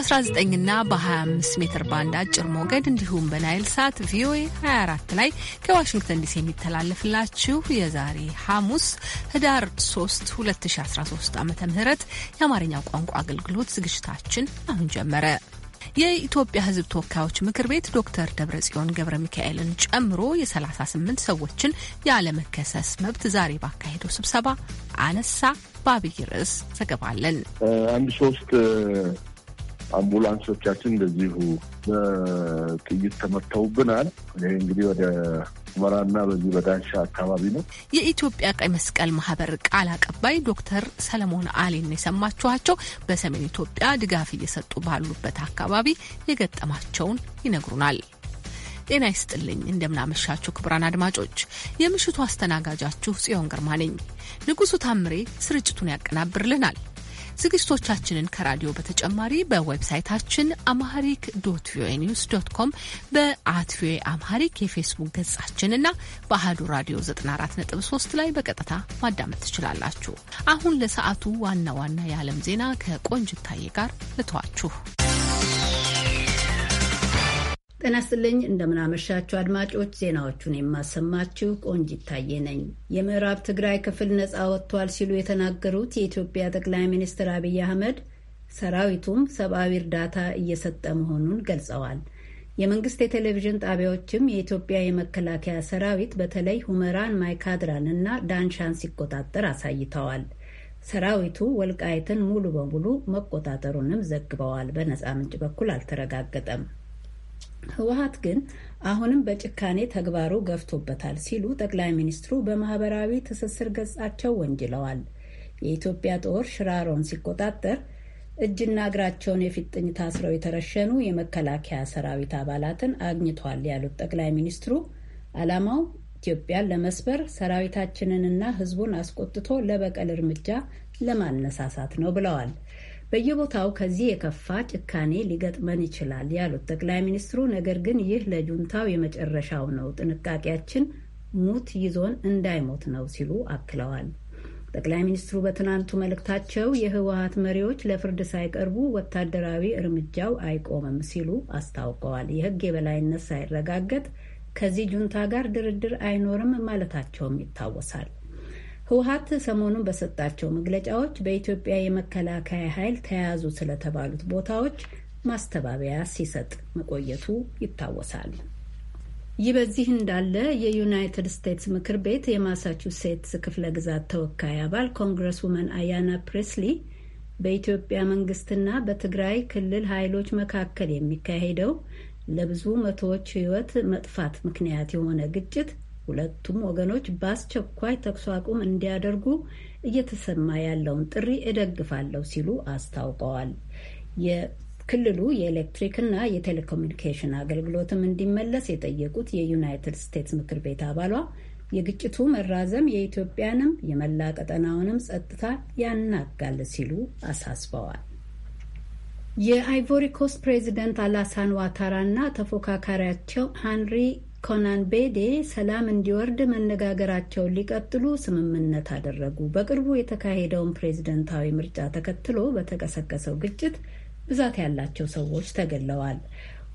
በ19 ና በ25 ሜትር ባንድ አጭር ሞገድ እንዲሁም በናይል ሳት ቪኦኤ 24 ላይ ከዋሽንግተን ዲሲ የሚተላለፍላችሁ የዛሬ ሐሙስ ህዳር 3 2013 ዓ ም የአማርኛ ቋንቋ አገልግሎት ዝግጅታችን አሁን ጀመረ። የኢትዮጵያ ሕዝብ ተወካዮች ምክር ቤት ዶክተር ደብረጽዮን ገብረ ሚካኤልን ጨምሮ የ38 ሰዎችን ያለመከሰስ መብት ዛሬ ባካሄደው ስብሰባ አነሳ። በአብይ ርዕስ ዘገባለን አንድ ሶስት አምቡላንሶቻችን እንደዚሁ በጥይት ተመተውብናል። ይህ እንግዲህ ወደ መራና በዚህ በዳንሻ አካባቢ ነው። የኢትዮጵያ ቀይ መስቀል ማህበር ቃል አቀባይ ዶክተር ሰለሞን አሌን የሰማችኋቸው በሰሜን ኢትዮጵያ ድጋፍ እየሰጡ ባሉበት አካባቢ የገጠማቸውን ይነግሩናል። ጤና ይስጥልኝ። እንደምናመሻችሁ ክቡራን አድማጮች፣ የምሽቱ አስተናጋጃችሁ ጽዮን ግርማ ነኝ። ንጉሱ ታምሬ ስርጭቱን ያቀናብርልናል። ዝግጅቶቻችንን ከራዲዮ በተጨማሪ በዌብሳይታችን አምሃሪክ ዶት ቪኦኤ ኒውስ ዶት ኮም በአት ቪኦኤ አምሃሪክ የፌስቡክ ገጻችንና በአህዱ ራዲዮ 94.3 ላይ በቀጥታ ማዳመጥ ትችላላችሁ። አሁን ለሰዓቱ ዋና ዋና የዓለም ዜና ከቆንጅታዬ ጋር ልተዋችሁ። ጤና ይስጥልኝ እንደምናመሻችሁ አድማጮች፣ ዜናዎቹን የማሰማችሁ ቆንጅ ይታየ ነኝ። የምዕራብ ትግራይ ክፍል ነጻ ወጥቷል ሲሉ የተናገሩት የኢትዮጵያ ጠቅላይ ሚኒስትር አብይ አህመድ ሰራዊቱም ሰብአዊ እርዳታ እየሰጠ መሆኑን ገልጸዋል። የመንግስት የቴሌቪዥን ጣቢያዎችም የኢትዮጵያ የመከላከያ ሰራዊት በተለይ ሁመራን፣ ማይካድራን እና ዳንሻን ሲቆጣጠር አሳይተዋል። ሰራዊቱ ወልቃይትን ሙሉ በሙሉ መቆጣጠሩንም ዘግበዋል። በነጻ ምንጭ በኩል አልተረጋገጠም። ህወሀት ግን አሁንም በጭካኔ ተግባሩ ገፍቶበታል ሲሉ ጠቅላይ ሚኒስትሩ በማህበራዊ ትስስር ገጻቸው ወንጅለዋል። የኢትዮጵያ ጦር ሽራሮን ሲቆጣጠር እጅና እግራቸውን የፊጥኝ ታስረው የተረሸኑ የመከላከያ ሰራዊት አባላትን አግኝቷል ያሉት ጠቅላይ ሚኒስትሩ ዓላማው ኢትዮጵያን ለመስበር ሰራዊታችንንና ህዝቡን አስቆጥቶ ለበቀል እርምጃ ለማነሳሳት ነው ብለዋል። በየቦታው ከዚህ የከፋ ጭካኔ ሊገጥመን ይችላል ያሉት ጠቅላይ ሚኒስትሩ፣ ነገር ግን ይህ ለጁንታው የመጨረሻው ነው፣ ጥንቃቄያችን ሙት ይዞን እንዳይሞት ነው ሲሉ አክለዋል። ጠቅላይ ሚኒስትሩ በትናንቱ መልእክታቸው የህወሀት መሪዎች ለፍርድ ሳይቀርቡ ወታደራዊ እርምጃው አይቆምም ሲሉ አስታውቀዋል። የህግ የበላይነት ሳይረጋገጥ ከዚህ ጁንታ ጋር ድርድር አይኖርም ማለታቸውም ይታወሳል። ህወሀት ሰሞኑን በሰጣቸው መግለጫዎች በኢትዮጵያ የመከላከያ ኃይል ተያያዙ ስለተባሉት ቦታዎች ማስተባበያ ሲሰጥ መቆየቱ ይታወሳል። ይህ በዚህ እንዳለ የዩናይትድ ስቴትስ ምክር ቤት የማሳቹሴትስ ክፍለ ግዛት ተወካይ አባል ኮንግረስ ውመን አያና ፕሬስሊ በኢትዮጵያ መንግስትና በትግራይ ክልል ኃይሎች መካከል የሚካሄደው ለብዙ መቶዎች ህይወት መጥፋት ምክንያት የሆነ ግጭት ሁለቱም ወገኖች በአስቸኳይ ተኩስ አቁም እንዲያደርጉ እየተሰማ ያለውን ጥሪ እደግፋለሁ ሲሉ አስታውቀዋል። ክልሉ የኤሌክትሪክና የቴሌኮሚኒኬሽን አገልግሎትም እንዲመለስ የጠየቁት የዩናይትድ ስቴትስ ምክር ቤት አባሏ የግጭቱ መራዘም የኢትዮጵያንም የመላ ቀጠናውንም ጸጥታ ያናጋል ሲሉ አሳስበዋል። የአይቮሪ ፕሬዚደንት አላሳን ዋታራና ተፎካካሪያቸው ሃንሪ ኮናን ቤዴ ሰላም እንዲወርድ መነጋገራቸውን ሊቀጥሉ ስምምነት አደረጉ። በቅርቡ የተካሄደውን ፕሬዝደንታዊ ምርጫ ተከትሎ በተቀሰቀሰው ግጭት ብዛት ያላቸው ሰዎች ተገለዋል።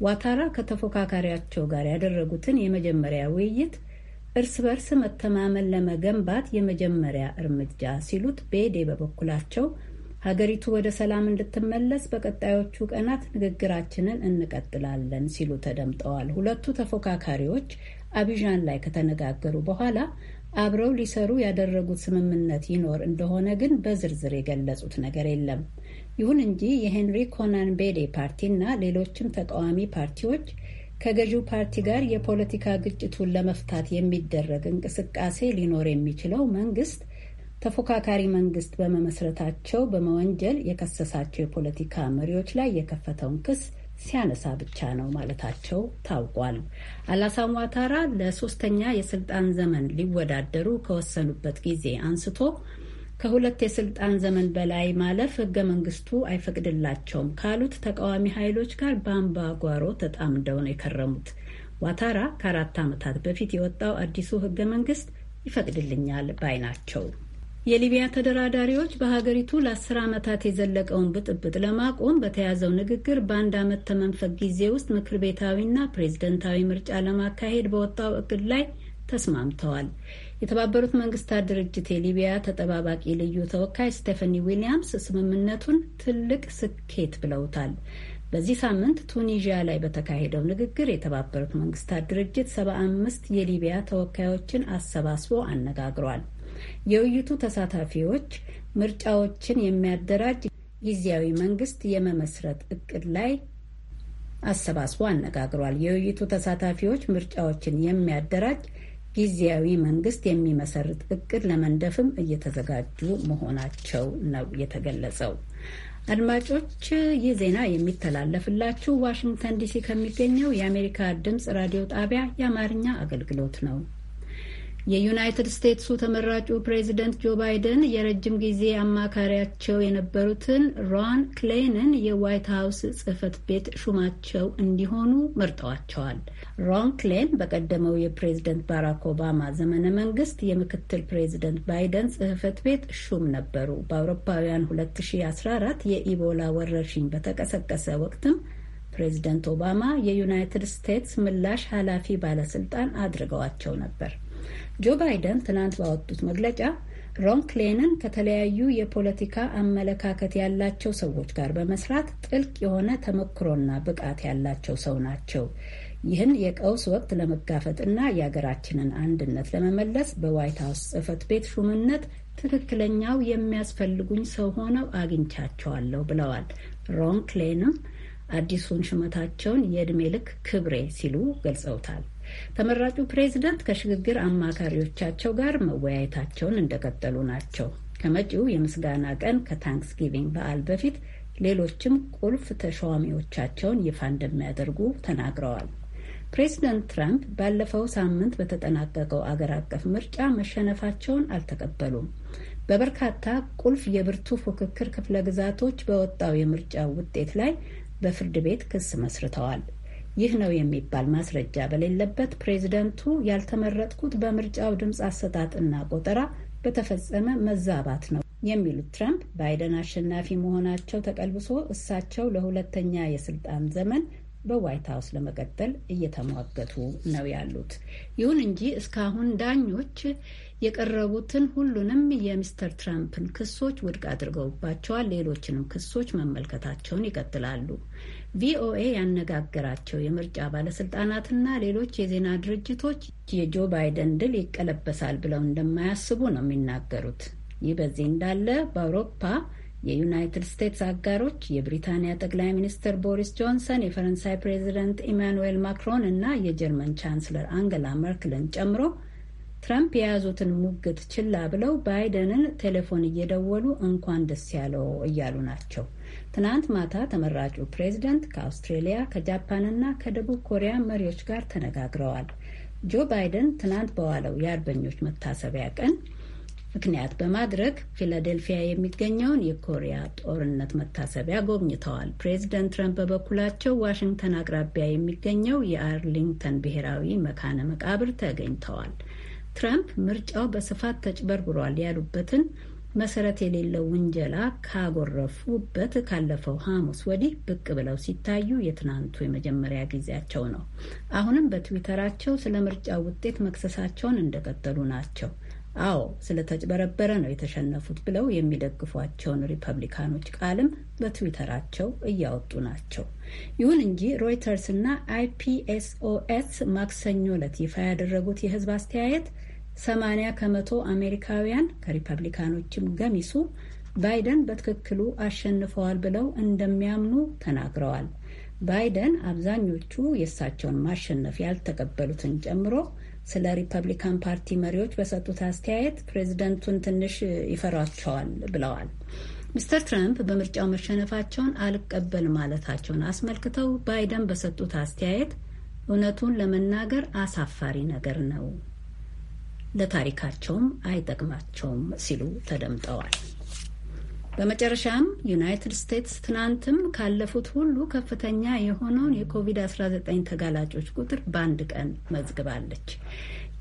ዋታራ ከተፎካካሪያቸው ጋር ያደረጉትን የመጀመሪያ ውይይት እርስ በርስ መተማመን ለመገንባት የመጀመሪያ እርምጃ ሲሉት ቤዴ በበኩላቸው ሀገሪቱ ወደ ሰላም እንድትመለስ በቀጣዮቹ ቀናት ንግግራችንን እንቀጥላለን ሲሉ ተደምጠዋል። ሁለቱ ተፎካካሪዎች አቢዣን ላይ ከተነጋገሩ በኋላ አብረው ሊሰሩ ያደረጉት ስምምነት ይኖር እንደሆነ ግን በዝርዝር የገለጹት ነገር የለም። ይሁን እንጂ የሄንሪ ኮናን ቤዴ ፓርቲና ሌሎችም ተቃዋሚ ፓርቲዎች ከገዢው ፓርቲ ጋር የፖለቲካ ግጭቱን ለመፍታት የሚደረግ እንቅስቃሴ ሊኖር የሚችለው መንግስት ተፎካካሪ መንግስት በመመስረታቸው በመወንጀል የከሰሳቸው የፖለቲካ መሪዎች ላይ የከፈተውን ክስ ሲያነሳ ብቻ ነው ማለታቸው ታውቋል። አላሳም ዋታራ ለሶስተኛ የስልጣን ዘመን ሊወዳደሩ ከወሰኑበት ጊዜ አንስቶ ከሁለት የስልጣን ዘመን በላይ ማለፍ ህገ መንግስቱ አይፈቅድላቸውም ካሉት ተቃዋሚ ኃይሎች ጋር በአንባ ጓሮ ተጣምደው ነው የከረሙት። ዋታራ ከአራት ዓመታት በፊት የወጣው አዲሱ ህገ መንግስት ይፈቅድልኛል ባይ ናቸው። የሊቢያ ተደራዳሪዎች በሀገሪቱ ለአስር ዓመታት የዘለቀውን ብጥብጥ ለማቆም በተያዘው ንግግር በአንድ ዓመት ተመንፈቅ ጊዜ ውስጥ ምክር ቤታዊና ፕሬዝደንታዊ ምርጫ ለማካሄድ በወጣው እቅድ ላይ ተስማምተዋል። የተባበሩት መንግስታት ድርጅት የሊቢያ ተጠባባቂ ልዩ ተወካይ ስቴፈኒ ዊሊያምስ ስምምነቱን ትልቅ ስኬት ብለውታል። በዚህ ሳምንት ቱኒዥያ ላይ በተካሄደው ንግግር የተባበሩት መንግስታት ድርጅት ሰባ አምስት የሊቢያ ተወካዮችን አሰባስቦ አነጋግሯል። የውይይቱ ተሳታፊዎች ምርጫዎችን የሚያደራጅ ጊዜያዊ መንግስት የመመስረት እቅድ ላይ አሰባስቦ አነጋግሯል። የውይይቱ ተሳታፊዎች ምርጫዎችን የሚያደራጅ ጊዜያዊ መንግስት የሚመሰርት እቅድ ለመንደፍም እየተዘጋጁ መሆናቸው ነው የተገለጸው። አድማጮች፣ ይህ ዜና የሚተላለፍላችሁ ዋሽንግተን ዲሲ ከሚገኘው የአሜሪካ ድምፅ ራዲዮ ጣቢያ የአማርኛ አገልግሎት ነው። የዩናይትድ ስቴትሱ ተመራጩ ፕሬዚደንት ጆ ባይደን የረጅም ጊዜ አማካሪያቸው የነበሩትን ሮን ክሌንን የዋይት ሀውስ ጽህፈት ቤት ሹማቸው እንዲሆኑ መርጠዋቸዋል። ሮን ክሌን በቀደመው የፕሬዚደንት ባራክ ኦባማ ዘመነ መንግስት የምክትል ፕሬዚደንት ባይደን ጽህፈት ቤት ሹም ነበሩ። በአውሮፓውያን 2014 የኢቦላ ወረርሽኝ በተቀሰቀሰ ወቅትም ፕሬዚደንት ኦባማ የዩናይትድ ስቴትስ ምላሽ ኃላፊ ባለስልጣን አድርገዋቸው ነበር። ጆ ባይደን ትናንት ባወጡት መግለጫ ሮን ክሌንን ከተለያዩ የፖለቲካ አመለካከት ያላቸው ሰዎች ጋር በመስራት ጥልቅ የሆነ ተመክሮና ብቃት ያላቸው ሰው ናቸው። ይህን የቀውስ ወቅት ለመጋፈጥና የሀገራችንን አንድነት ለመመለስ በዋይት ሀውስ ጽህፈት ቤት ሹምነት ትክክለኛው የሚያስፈልጉኝ ሰው ሆነው አግኝቻቸዋለሁ ብለዋል። ሮን ክሌንም አዲሱን ሹመታቸውን የእድሜ ልክ ክብሬ ሲሉ ገልጸውታል። ተመራጩ ፕሬዝደንት ከሽግግር አማካሪዎቻቸው ጋር መወያየታቸውን እንደቀጠሉ ናቸው። ከመጪው የምስጋና ቀን ከታንክስጊቪንግ በዓል በፊት ሌሎችም ቁልፍ ተሿሚዎቻቸውን ይፋ እንደሚያደርጉ ተናግረዋል። ፕሬዚደንት ትራምፕ ባለፈው ሳምንት በተጠናቀቀው አገር አቀፍ ምርጫ መሸነፋቸውን አልተቀበሉም። በበርካታ ቁልፍ የብርቱ ፉክክር ክፍለ ግዛቶች በወጣው የምርጫ ውጤት ላይ በፍርድ ቤት ክስ መስርተዋል። ይህ ነው የሚባል ማስረጃ በሌለበት ፕሬዝደንቱ ያልተመረጥኩት በምርጫው ድምፅ አሰጣጥና ቆጠራ በተፈጸመ መዛባት ነው የሚሉት ትራምፕ ባይደን አሸናፊ መሆናቸው ተቀልብሶ እሳቸው ለሁለተኛ የስልጣን ዘመን በዋይት ሀውስ ለመቀጠል እየተሟገቱ ነው ያሉት። ይሁን እንጂ እስካሁን ዳኞች የቀረቡትን ሁሉንም የሚስተር ትራምፕን ክሶች ውድቅ አድርገውባቸዋል። ሌሎችንም ክሶች መመልከታቸውን ይቀጥላሉ። ቪኦኤ ያነጋገራቸው የምርጫ ባለስልጣናትና ሌሎች የዜና ድርጅቶች የጆ ባይደን ድል ይቀለበሳል ብለው እንደማያስቡ ነው የሚናገሩት። ይህ በዚህ እንዳለ በአውሮፓ የዩናይትድ ስቴትስ አጋሮች የብሪታንያ ጠቅላይ ሚኒስትር ቦሪስ ጆንሰን፣ የፈረንሳይ ፕሬዚደንት ኢማኑዌል ማክሮን እና የጀርመን ቻንስለር አንገላ መርክልን ጨምሮ ትራምፕ የያዙትን ሙግት ችላ ብለው ባይደንን ቴሌፎን እየደወሉ እንኳን ደስ ያለው እያሉ ናቸው። ትናንት ማታ ተመራጩ ፕሬዚደንት ከአውስትሬሊያ ከጃፓንና ከደቡብ ኮሪያ መሪዎች ጋር ተነጋግረዋል። ጆ ባይደን ትናንት በዋለው የአርበኞች መታሰቢያ ቀን ምክንያት በማድረግ ፊላዴልፊያ የሚገኘውን የኮሪያ ጦርነት መታሰቢያ ጎብኝተዋል። ፕሬዚደንት ትረምፕ በበኩላቸው ዋሽንግተን አቅራቢያ የሚገኘው የአርሊንግተን ብሔራዊ መካነ መቃብር ተገኝተዋል። ትራምፕ ምርጫው በስፋት ተጭበርብሯል ያሉበትን መሰረት የሌለው ውንጀላ ካጎረፉበት ካለፈው ሐሙስ ወዲህ ብቅ ብለው ሲታዩ የትናንቱ የመጀመሪያ ጊዜያቸው ነው። አሁንም በትዊተራቸው ስለ ምርጫ ውጤት መክሰሳቸውን እንደቀጠሉ ናቸው። አዎ ስለተጭበረበረ ነው የተሸነፉት ብለው የሚደግፏቸውን ሪፐብሊካኖች ቃልም በትዊተራቸው እያወጡ ናቸው። ይሁን እንጂ ሮይተርስ እና አይፒኤስኦኤስ ማክሰኞ ዕለት ይፋ ያደረጉት የህዝብ አስተያየት 80 ከመቶ አሜሪካውያን ከሪፐብሊካኖችም ገሚሱ ባይደን በትክክሉ አሸንፈዋል ብለው እንደሚያምኑ ተናግረዋል። ባይደን አብዛኞቹ የእሳቸውን ማሸነፍ ያልተቀበሉትን ጨምሮ ስለ ሪፐብሊካን ፓርቲ መሪዎች በሰጡት አስተያየት ፕሬዚደንቱን ትንሽ ይፈሯቸዋል ብለዋል። ሚስተር ትራምፕ በምርጫው መሸነፋቸውን አልቀበል ማለታቸውን አስመልክተው ባይደን በሰጡት አስተያየት እውነቱን ለመናገር አሳፋሪ ነገር ነው ለታሪካቸውም አይጠቅማቸውም ሲሉ ተደምጠዋል። በመጨረሻም ዩናይትድ ስቴትስ ትናንትም ካለፉት ሁሉ ከፍተኛ የሆነውን የኮቪድ-19 ተጋላጮች ቁጥር በአንድ ቀን መዝግባለች።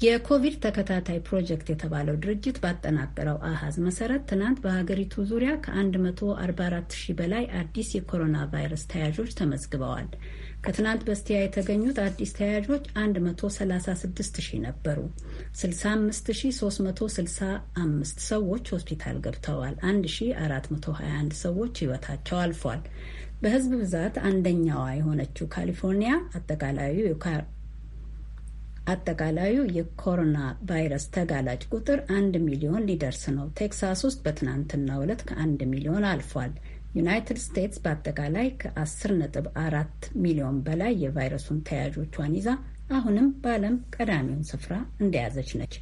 የኮቪድ ተከታታይ ፕሮጀክት የተባለው ድርጅት ባጠናቀረው አሃዝ መሰረት ትናንት በሀገሪቱ ዙሪያ ከ144 ሺህ በላይ አዲስ የኮሮና ቫይረስ ተያዦች ተመዝግበዋል። ከትናንት በስቲያ የተገኙት አዲስ ተያዦች 136 ሺህ ነበሩ። 65365 ሰዎች ሆስፒታል ገብተዋል። 1421 ሰዎች ሕይወታቸው አልፏል። በህዝብ ብዛት አንደኛዋ የሆነችው ካሊፎርኒያ አጠቃላዩ አጠቃላዩ የኮሮና ቫይረስ ተጋላጭ ቁጥር አንድ ሚሊዮን ሊደርስ ነው። ቴክሳስ ውስጥ በትናንትናው ዕለት ከአንድ ሚሊዮን አልፏል። ዩናይትድ ስቴትስ በአጠቃላይ ከ10.4 ሚሊዮን በላይ የቫይረሱን ተያዦቿን ይዛ አሁንም በዓለም ቀዳሚውን ስፍራ እንደያዘች ነች።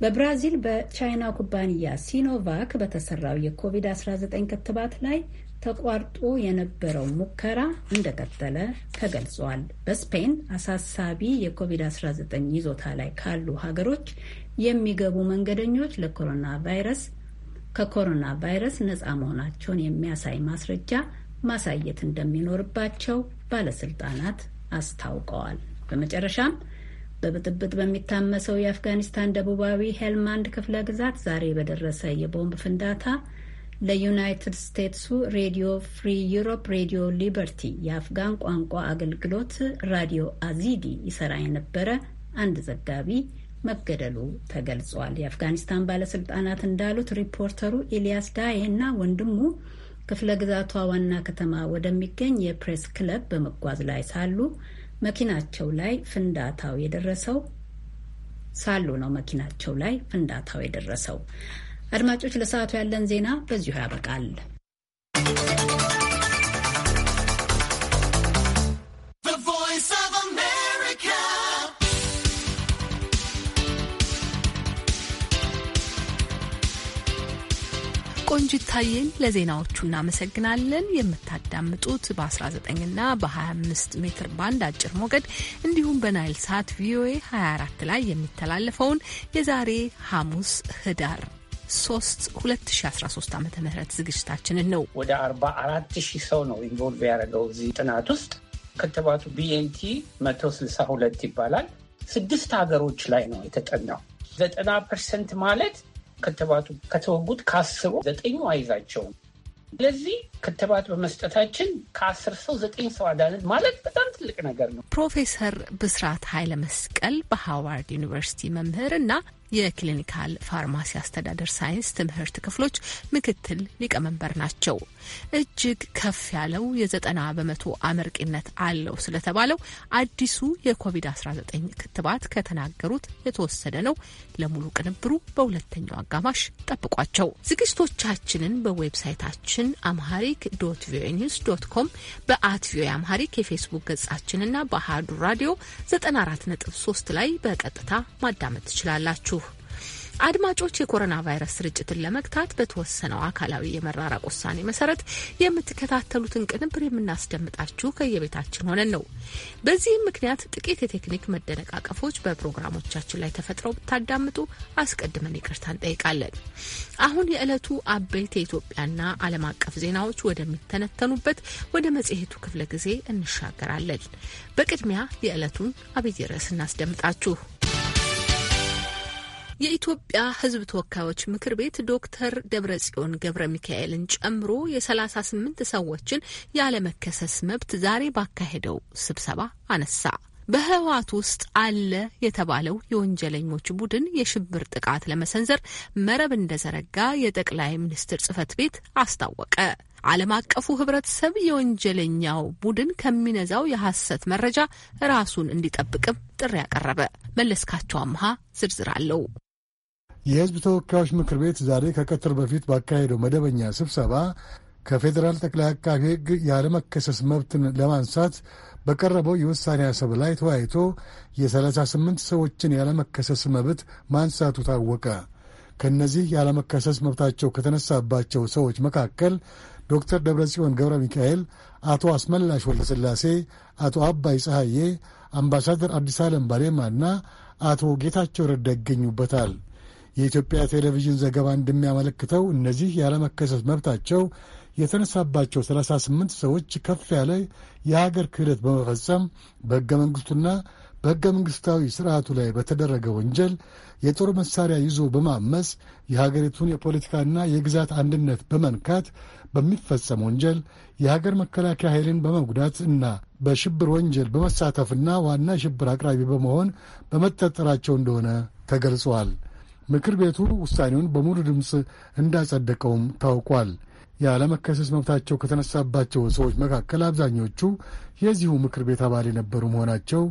በብራዚል በቻይና ኩባንያ ሲኖቫክ በተሰራው የኮቪድ-19 ክትባት ላይ ተቋርጦ የነበረው ሙከራ እንደቀጠለ ተገልጿል። በስፔን አሳሳቢ የኮቪድ-19 ይዞታ ላይ ካሉ ሀገሮች የሚገቡ መንገደኞች ለኮሮና ቫይረስ ከኮሮና ቫይረስ ነጻ መሆናቸውን የሚያሳይ ማስረጃ ማሳየት እንደሚኖርባቸው ባለስልጣናት አስታውቀዋል። በመጨረሻም በብጥብጥ በሚታመሰው የአፍጋኒስታን ደቡባዊ ሄልማንድ ክፍለ ግዛት ዛሬ በደረሰ የቦምብ ፍንዳታ ለዩናይትድ ስቴትሱ ሬዲዮ ፍሪ ዩሮፕ ሬዲዮ ሊበርቲ የአፍጋን ቋንቋ አገልግሎት ራዲዮ አዚዲ ይሰራ የነበረ አንድ ዘጋቢ መገደሉ ተገልጿል። የአፍጋኒስታን ባለስልጣናት እንዳሉት ሪፖርተሩ ኤልያስ ዳዬ እና ወንድሙ ክፍለ ግዛቷ ዋና ከተማ ወደሚገኝ የፕሬስ ክለብ በመጓዝ ላይ ሳሉ መኪናቸው ላይ ፍንዳታው የደረሰው ሳሉ ነው። መኪናቸው ላይ ፍንዳታው የደረሰው። አድማጮች፣ ለሰዓቱ ያለን ዜና በዚሁ ያበቃል። ቆንጂታየን ለዜናዎቹ እናመሰግናለን። የምታዳምጡት በ19ና በ25 ሜትር ባንድ አጭር ሞገድ እንዲሁም በናይል ሳት ቪኦኤ 24 ላይ የሚተላለፈውን የዛሬ ሐሙስ ህዳር 3 2013 ዓ ም ዝግጅታችንን ነው። ወደ 44 ሺህ ሰው ነው ኢንቮልቭ ያደረገው እዚህ ጥናት ውስጥ ክትባቱ ቢኤንቲ 162 ይባላል። ስድስት ሀገሮች ላይ ነው የተጠናው። ዘጠና ፐርሰንት ማለት ክትባቱ ከተወጉት ከአስሩ ዘጠኙ አይዛቸውም። ስለዚህ ክትባት በመስጠታችን ከአስር ሰው ዘጠኝ ሰው አዳንን ማለት በጣም ትልቅ ነገር ነው። ፕሮፌሰር ብስራት ኃይለ መስቀል በሃዋርድ ዩኒቨርሲቲ መምህር እና የክሊኒካል ፋርማሲ አስተዳደር ሳይንስ ትምህርት ክፍሎች ምክትል ሊቀመንበር ናቸው። እጅግ ከፍ ያለው የዘጠና በመቶ አመርቂነት አለው ስለተባለው አዲሱ የኮቪድ-19 ክትባት ከተናገሩት የተወሰደ ነው። ለሙሉ ቅንብሩ በሁለተኛው አጋማሽ ጠብቋቸው። ዝግጅቶቻችንን በዌብሳይታችን አምሃሪክ ዶት ቪኦኤ ኒውስ ዶት ኮም በአት ቪኦኤ አምሃሪክ የፌስቡክ ገጻችንና በአሀዱ ራዲዮ 94.3 ላይ በቀጥታ ማዳመጥ ትችላላችሁ። አድማጮች የኮሮና ቫይረስ ስርጭትን ለመግታት በተወሰነው አካላዊ የመራራቅ ውሳኔ መሰረት የምትከታተሉትን ቅንብር የምናስደምጣችሁ ከየቤታችን ሆነን ነው። በዚህም ምክንያት ጥቂት የቴክኒክ መደነቃቀፎች በፕሮግራሞቻችን ላይ ተፈጥረው ብታዳምጡ አስቀድመን ይቅርታ እንጠይቃለን። አሁን የዕለቱ አበይት የኢትዮጵያና ዓለም አቀፍ ዜናዎች ወደሚተነተኑበት ወደ መጽሔቱ ክፍለ ጊዜ እንሻገራለን። በቅድሚያ የዕለቱን አብይ ርዕስ እናስደምጣችሁ። የኢትዮጵያ ሕዝብ ተወካዮች ምክር ቤት ዶክተር ደብረጽዮን ገብረ ሚካኤልን ጨምሮ የሰላሳ ስምንት ሰዎችን ያለመከሰስ መብት ዛሬ ባካሄደው ስብሰባ አነሳ። በህወሓት ውስጥ አለ የተባለው የወንጀለኞች ቡድን የሽብር ጥቃት ለመሰንዘር መረብ እንደዘረጋ የጠቅላይ ሚኒስትር ጽህፈት ቤት አስታወቀ። ዓለም አቀፉ ህብረተሰብ የወንጀለኛው ቡድን ከሚነዛው የሐሰት መረጃ ራሱን እንዲጠብቅም ጥሪ ያቀረበ። መለስካቸው አምሃ ዝርዝር አለው። የሕዝብ ተወካዮች ምክር ቤት ዛሬ ከቀትር በፊት ባካሄደው መደበኛ ስብሰባ ከፌዴራል ጠቅላይ አቃቢ ህግ ያለመከሰስ መብትን ለማንሳት በቀረበው የውሳኔ ሀሳብ ላይ ተወያይቶ የ38 ሰዎችን ያለመከሰስ መብት ማንሳቱ ታወቀ። ከእነዚህ ያለመከሰስ መብታቸው ከተነሳባቸው ሰዎች መካከል ዶክተር ደብረጽዮን ገብረ ሚካኤል፣ አቶ አስመላሽ ወልደስላሴ፣ አቶ አባይ ፀሐዬ፣ አምባሳደር አዲስ ዓለም ባሌማ እና አቶ ጌታቸው ረዳ ይገኙበታል። የኢትዮጵያ ቴሌቪዥን ዘገባ እንደሚያመለክተው እነዚህ ያለመከሰስ መብታቸው የተነሳባቸው 38 ሰዎች ከፍ ያለ የሀገር ክህደት በመፈጸም በሕገ መንግሥቱና በሕገ መንግሥታዊ ሥርዓቱ ላይ በተደረገ ወንጀል የጦር መሣሪያ ይዞ በማመስ የሀገሪቱን የፖለቲካና የግዛት አንድነት በመንካት በሚፈጸም ወንጀል የሀገር መከላከያ ኃይልን በመጉዳት እና በሽብር ወንጀል በመሳተፍና ዋና ሽብር አቅራቢ በመሆን በመጠጠራቸው እንደሆነ ተገልጿል። ምክር ቤቱ ውሳኔውን በሙሉ ድምፅ እንዳጸደቀውም ታውቋል። ያለመከሰስ መብታቸው ከተነሳባቸው ሰዎች መካከል አብዛኞቹ የዚሁ ምክር ቤት አባል የነበሩ መሆናቸው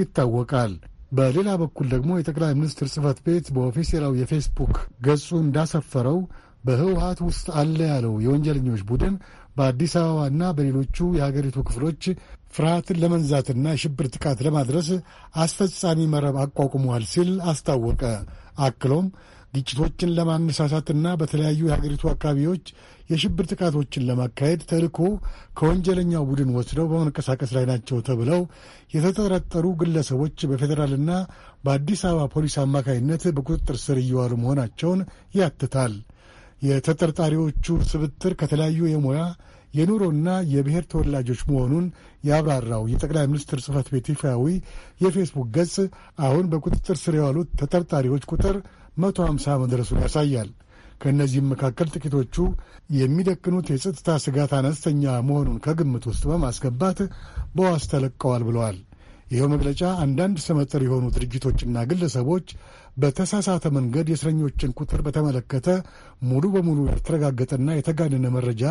ይታወቃል። በሌላ በኩል ደግሞ የጠቅላይ ሚኒስትር ጽህፈት ቤት በኦፊሴላዊ የፌስቡክ ገጹ እንዳሰፈረው በህወሀት ውስጥ አለ ያለው የወንጀለኞች ቡድን በአዲስ አበባና በሌሎቹ የሀገሪቱ ክፍሎች ፍርሃትን ለመንዛትና የሽብር ጥቃት ለማድረስ አስፈጻሚ መረብ አቋቁሟል ሲል አስታወቀ። አክሎም ግጭቶችን ለማነሳሳትና በተለያዩ የሀገሪቱ አካባቢዎች የሽብር ጥቃቶችን ለማካሄድ ተልዕኮ ከወንጀለኛው ቡድን ወስደው በመንቀሳቀስ ላይ ናቸው ተብለው የተጠረጠሩ ግለሰቦች በፌዴራልና በአዲስ አበባ ፖሊስ አማካኝነት በቁጥጥር ስር እየዋሉ መሆናቸውን ያትታል። የተጠርጣሪዎቹ ስብጥር ከተለያዩ የሙያ የኑሮና የብሔር ተወላጆች መሆኑን ያብራራው የጠቅላይ ሚኒስትር ጽህፈት ቤት ይፋዊ የፌስቡክ ገጽ አሁን በቁጥጥር ስር የዋሉት ተጠርጣሪዎች ቁጥር መቶ መድረሱን ያሳያል። ከእነዚህም መካከል ጥቂቶቹ የሚደክኑት የጸጥታ ስጋት አነስተኛ መሆኑን ከግምት ውስጥ በማስገባት በዋስ ተለቀዋል ብለዋል። ይኸው መግለጫ አንዳንድ ስመጥር የሆኑ ድርጅቶችና ግለሰቦች በተሳሳተ መንገድ የእስረኞችን ቁጥር በተመለከተ ሙሉ በሙሉ ያልተረጋገጠና የተጋነነ መረጃ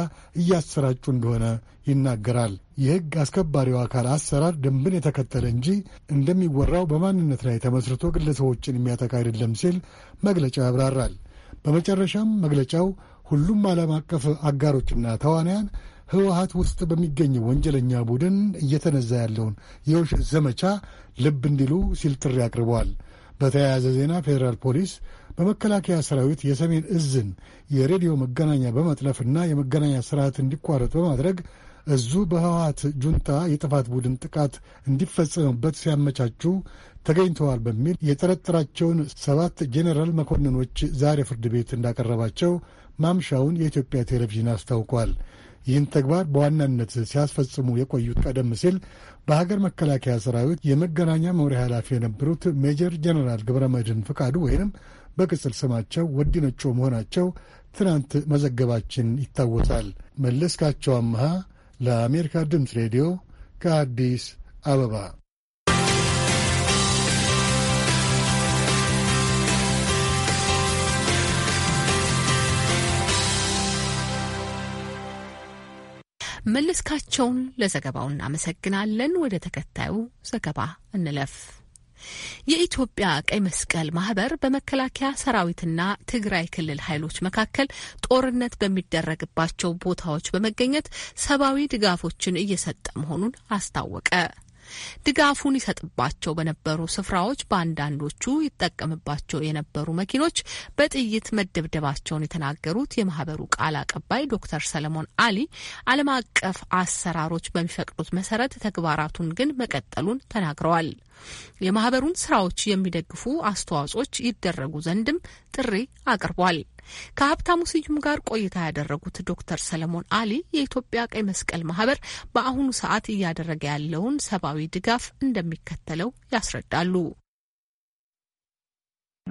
እያሰራጩ እንደሆነ ይናገራል። የሕግ አስከባሪው አካል አሰራር ደንብን የተከተለ እንጂ እንደሚወራው በማንነት ላይ ተመስርቶ ግለሰቦችን የሚያጠቃ አይደለም ሲል መግለጫው ያብራራል። በመጨረሻም መግለጫው ሁሉም ዓለም አቀፍ አጋሮችና ተዋንያን ህወሀት ውስጥ በሚገኘው ወንጀለኛ ቡድን እየተነዛ ያለውን የውሸት ዘመቻ ልብ እንዲሉ ሲል ጥሪ አቅርበዋል። በተያያዘ ዜና ፌዴራል ፖሊስ በመከላከያ ሰራዊት የሰሜን እዝን የሬዲዮ መገናኛ በመጥለፍና የመገናኛ ስርዓት እንዲቋረጥ በማድረግ እዙ በህወሀት ጁንታ የጥፋት ቡድን ጥቃት እንዲፈጸምበት ሲያመቻቹ ተገኝተዋል በሚል የጠረጠራቸውን ሰባት ጄኔራል መኮንኖች ዛሬ ፍርድ ቤት እንዳቀረባቸው ማምሻውን የኢትዮጵያ ቴሌቪዥን አስታውቋል። ይህን ተግባር በዋናነት ሲያስፈጽሙ የቆዩት ቀደም ሲል በሀገር መከላከያ ሰራዊት የመገናኛ መምሪያ ኃላፊ የነበሩት ሜጀር ጀነራል ግብረ መድን ፍቃዱ ወይንም በቅጽል ስማቸው ነጮ መሆናቸው ትናንት መዘገባችን ይታወሳል። መለስካቸው አምሃ ለአሜሪካ ድምፅ ሬዲዮ ከአዲስ አበባ መለስካቸውን ለዘገባው እናመሰግናለን። ወደ ተከታዩ ዘገባ እንለፍ። የኢትዮጵያ ቀይ መስቀል ማህበር በመከላከያ ሰራዊትና ትግራይ ክልል ኃይሎች መካከል ጦርነት በሚደረግባቸው ቦታዎች በመገኘት ሰብአዊ ድጋፎችን እየሰጠ መሆኑን አስታወቀ። ድጋፉን ይሰጥባቸው በነበሩ ስፍራዎች በአንዳንዶቹ ይጠቀምባቸው የነበሩ መኪኖች በጥይት መደብደባቸውን የተናገሩት የማህበሩ ቃል አቀባይ ዶክተር ሰለሞን አሊ ዓለም አቀፍ አሰራሮች በሚፈቅዱት መሰረት ተግባራቱን ግን መቀጠሉን ተናግረዋል። የማህበሩን ስራዎች የሚደግፉ አስተዋጽኦች ይደረጉ ዘንድም ጥሪ አቅርቧል። ከሀብታሙ ስዩም ጋር ቆይታ ያደረጉት ዶክተር ሰለሞን አሊ የኢትዮጵያ ቀይ መስቀል ማህበር በአሁኑ ሰዓት እያደረገ ያለውን ሰብአዊ ድጋፍ እንደሚከተለው ያስረዳሉ።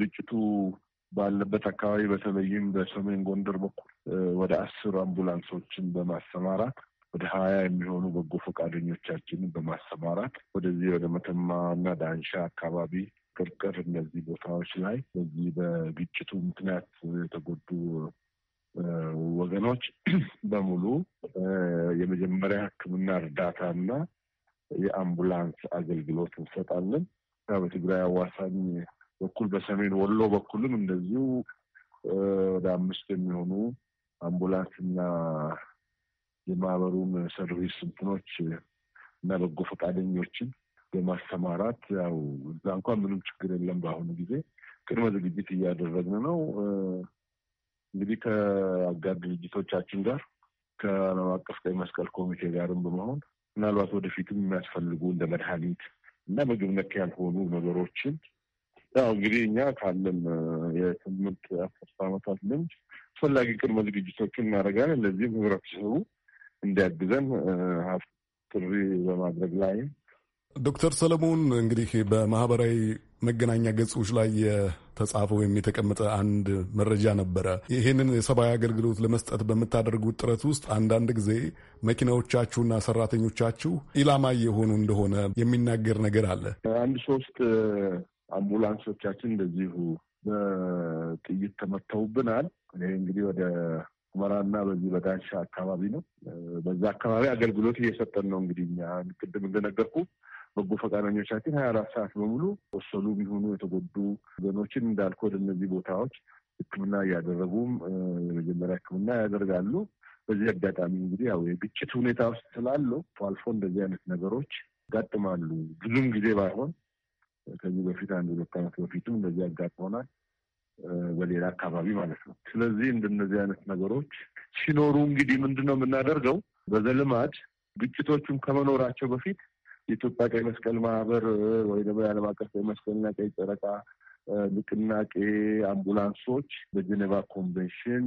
ግጭቱ ባለበት አካባቢ በተለይም በሰሜን ጎንደር በኩል ወደ አስር አምቡላንሶችን በማሰማራት ወደ ሀያ የሚሆኑ በጎ ፈቃደኞቻችንን በማሰማራት ወደዚህ ወደ መተማ እና ዳንሻ አካባቢ ቅርቅር እነዚህ ቦታዎች ላይ በዚህ በግጭቱ ምክንያት የተጎዱ ወገኖች በሙሉ የመጀመሪያ ሕክምና እርዳታና የአምቡላንስ አገልግሎት እንሰጣለን። በትግራይ አዋሳኝ በኩል በሰሜን ወሎ በኩልም እንደዚሁ ወደ አምስት የሚሆኑ አምቡላንስና የማህበሩን ሰርቪስ እንትኖች እና በጎ ፈቃደኞችን በማሰማራት ያው እዛ እንኳን ምንም ችግር የለም። በአሁኑ ጊዜ ቅድመ ዝግጅት እያደረግን ነው። እንግዲህ ከአጋር ድርጅቶቻችን ጋር ከዓለም አቀፍ ቀይ መስቀል ኮሚቴ ጋርም በመሆን ምናልባት ወደፊትም የሚያስፈልጉ እንደ መድኃኒት እና ምግብ ነክ ያልሆኑ ነገሮችን ያው እንግዲህ እኛ ካለን የስምንት አስርት ዓመታት ልምድ አስፈላጊ ቅድመ ዝግጅቶችን እናደርጋለን። ለዚህም ህብረተሰቡ እንዲያግዘን ጥሪ በማድረግ ላይም ዶክተር ሰለሞን እንግዲህ በማህበራዊ መገናኛ ገጾች ላይ የተጻፈ ወይም የተቀመጠ አንድ መረጃ ነበረ። ይህንን የሰብአዊ አገልግሎት ለመስጠት በምታደርጉት ጥረት ውስጥ አንዳንድ ጊዜ መኪናዎቻችሁና ሰራተኞቻችሁ ኢላማ እየሆኑ እንደሆነ የሚናገር ነገር አለ። አንድ ሶስት አምቡላንሶቻችን እንደዚሁ በጥይት ተመተውብናል። ይህ እንግዲህ ወደ ሁመራና በዚህ በዳንሻ አካባቢ ነው። በዛ አካባቢ አገልግሎት እየሰጠን ነው። እንግዲህ እኛ ቅድም እንደነገርኩ በጎ ፈቃደኞቻችን ሀያ አራት ሰዓት በሙሉ ቆሰሉ የሚሆኑ የተጎዱ ወገኖችን እንዳልኩ ወደ እነዚህ ቦታዎች ሕክምና እያደረጉም የመጀመሪያ ሕክምና ያደርጋሉ። በዚህ አጋጣሚ እንግዲህ ያው የግጭት ሁኔታ ውስጥ ስላለው አልፎ እንደዚህ አይነት ነገሮች ያጋጥማሉ። ብዙም ጊዜ ባይሆን ከዚህ በፊት አንድ ሁለት ዓመት በፊትም እንደዚህ ያጋጥመናል፣ በሌላ አካባቢ ማለት ነው። ስለዚህ እንደነዚህ አይነት ነገሮች ሲኖሩ እንግዲህ ምንድን ነው የምናደርገው በዘልማድ ግጭቶቹም ከመኖራቸው በፊት የኢትዮጵያ ቀይ መስቀል ማህበር ወይ ደግሞ የዓለም አቀፍ ቀይ መስቀልና ቀይ ጨረቃ ንቅናቄ አምቡላንሶች በጀኔቫ ኮንቬንሽን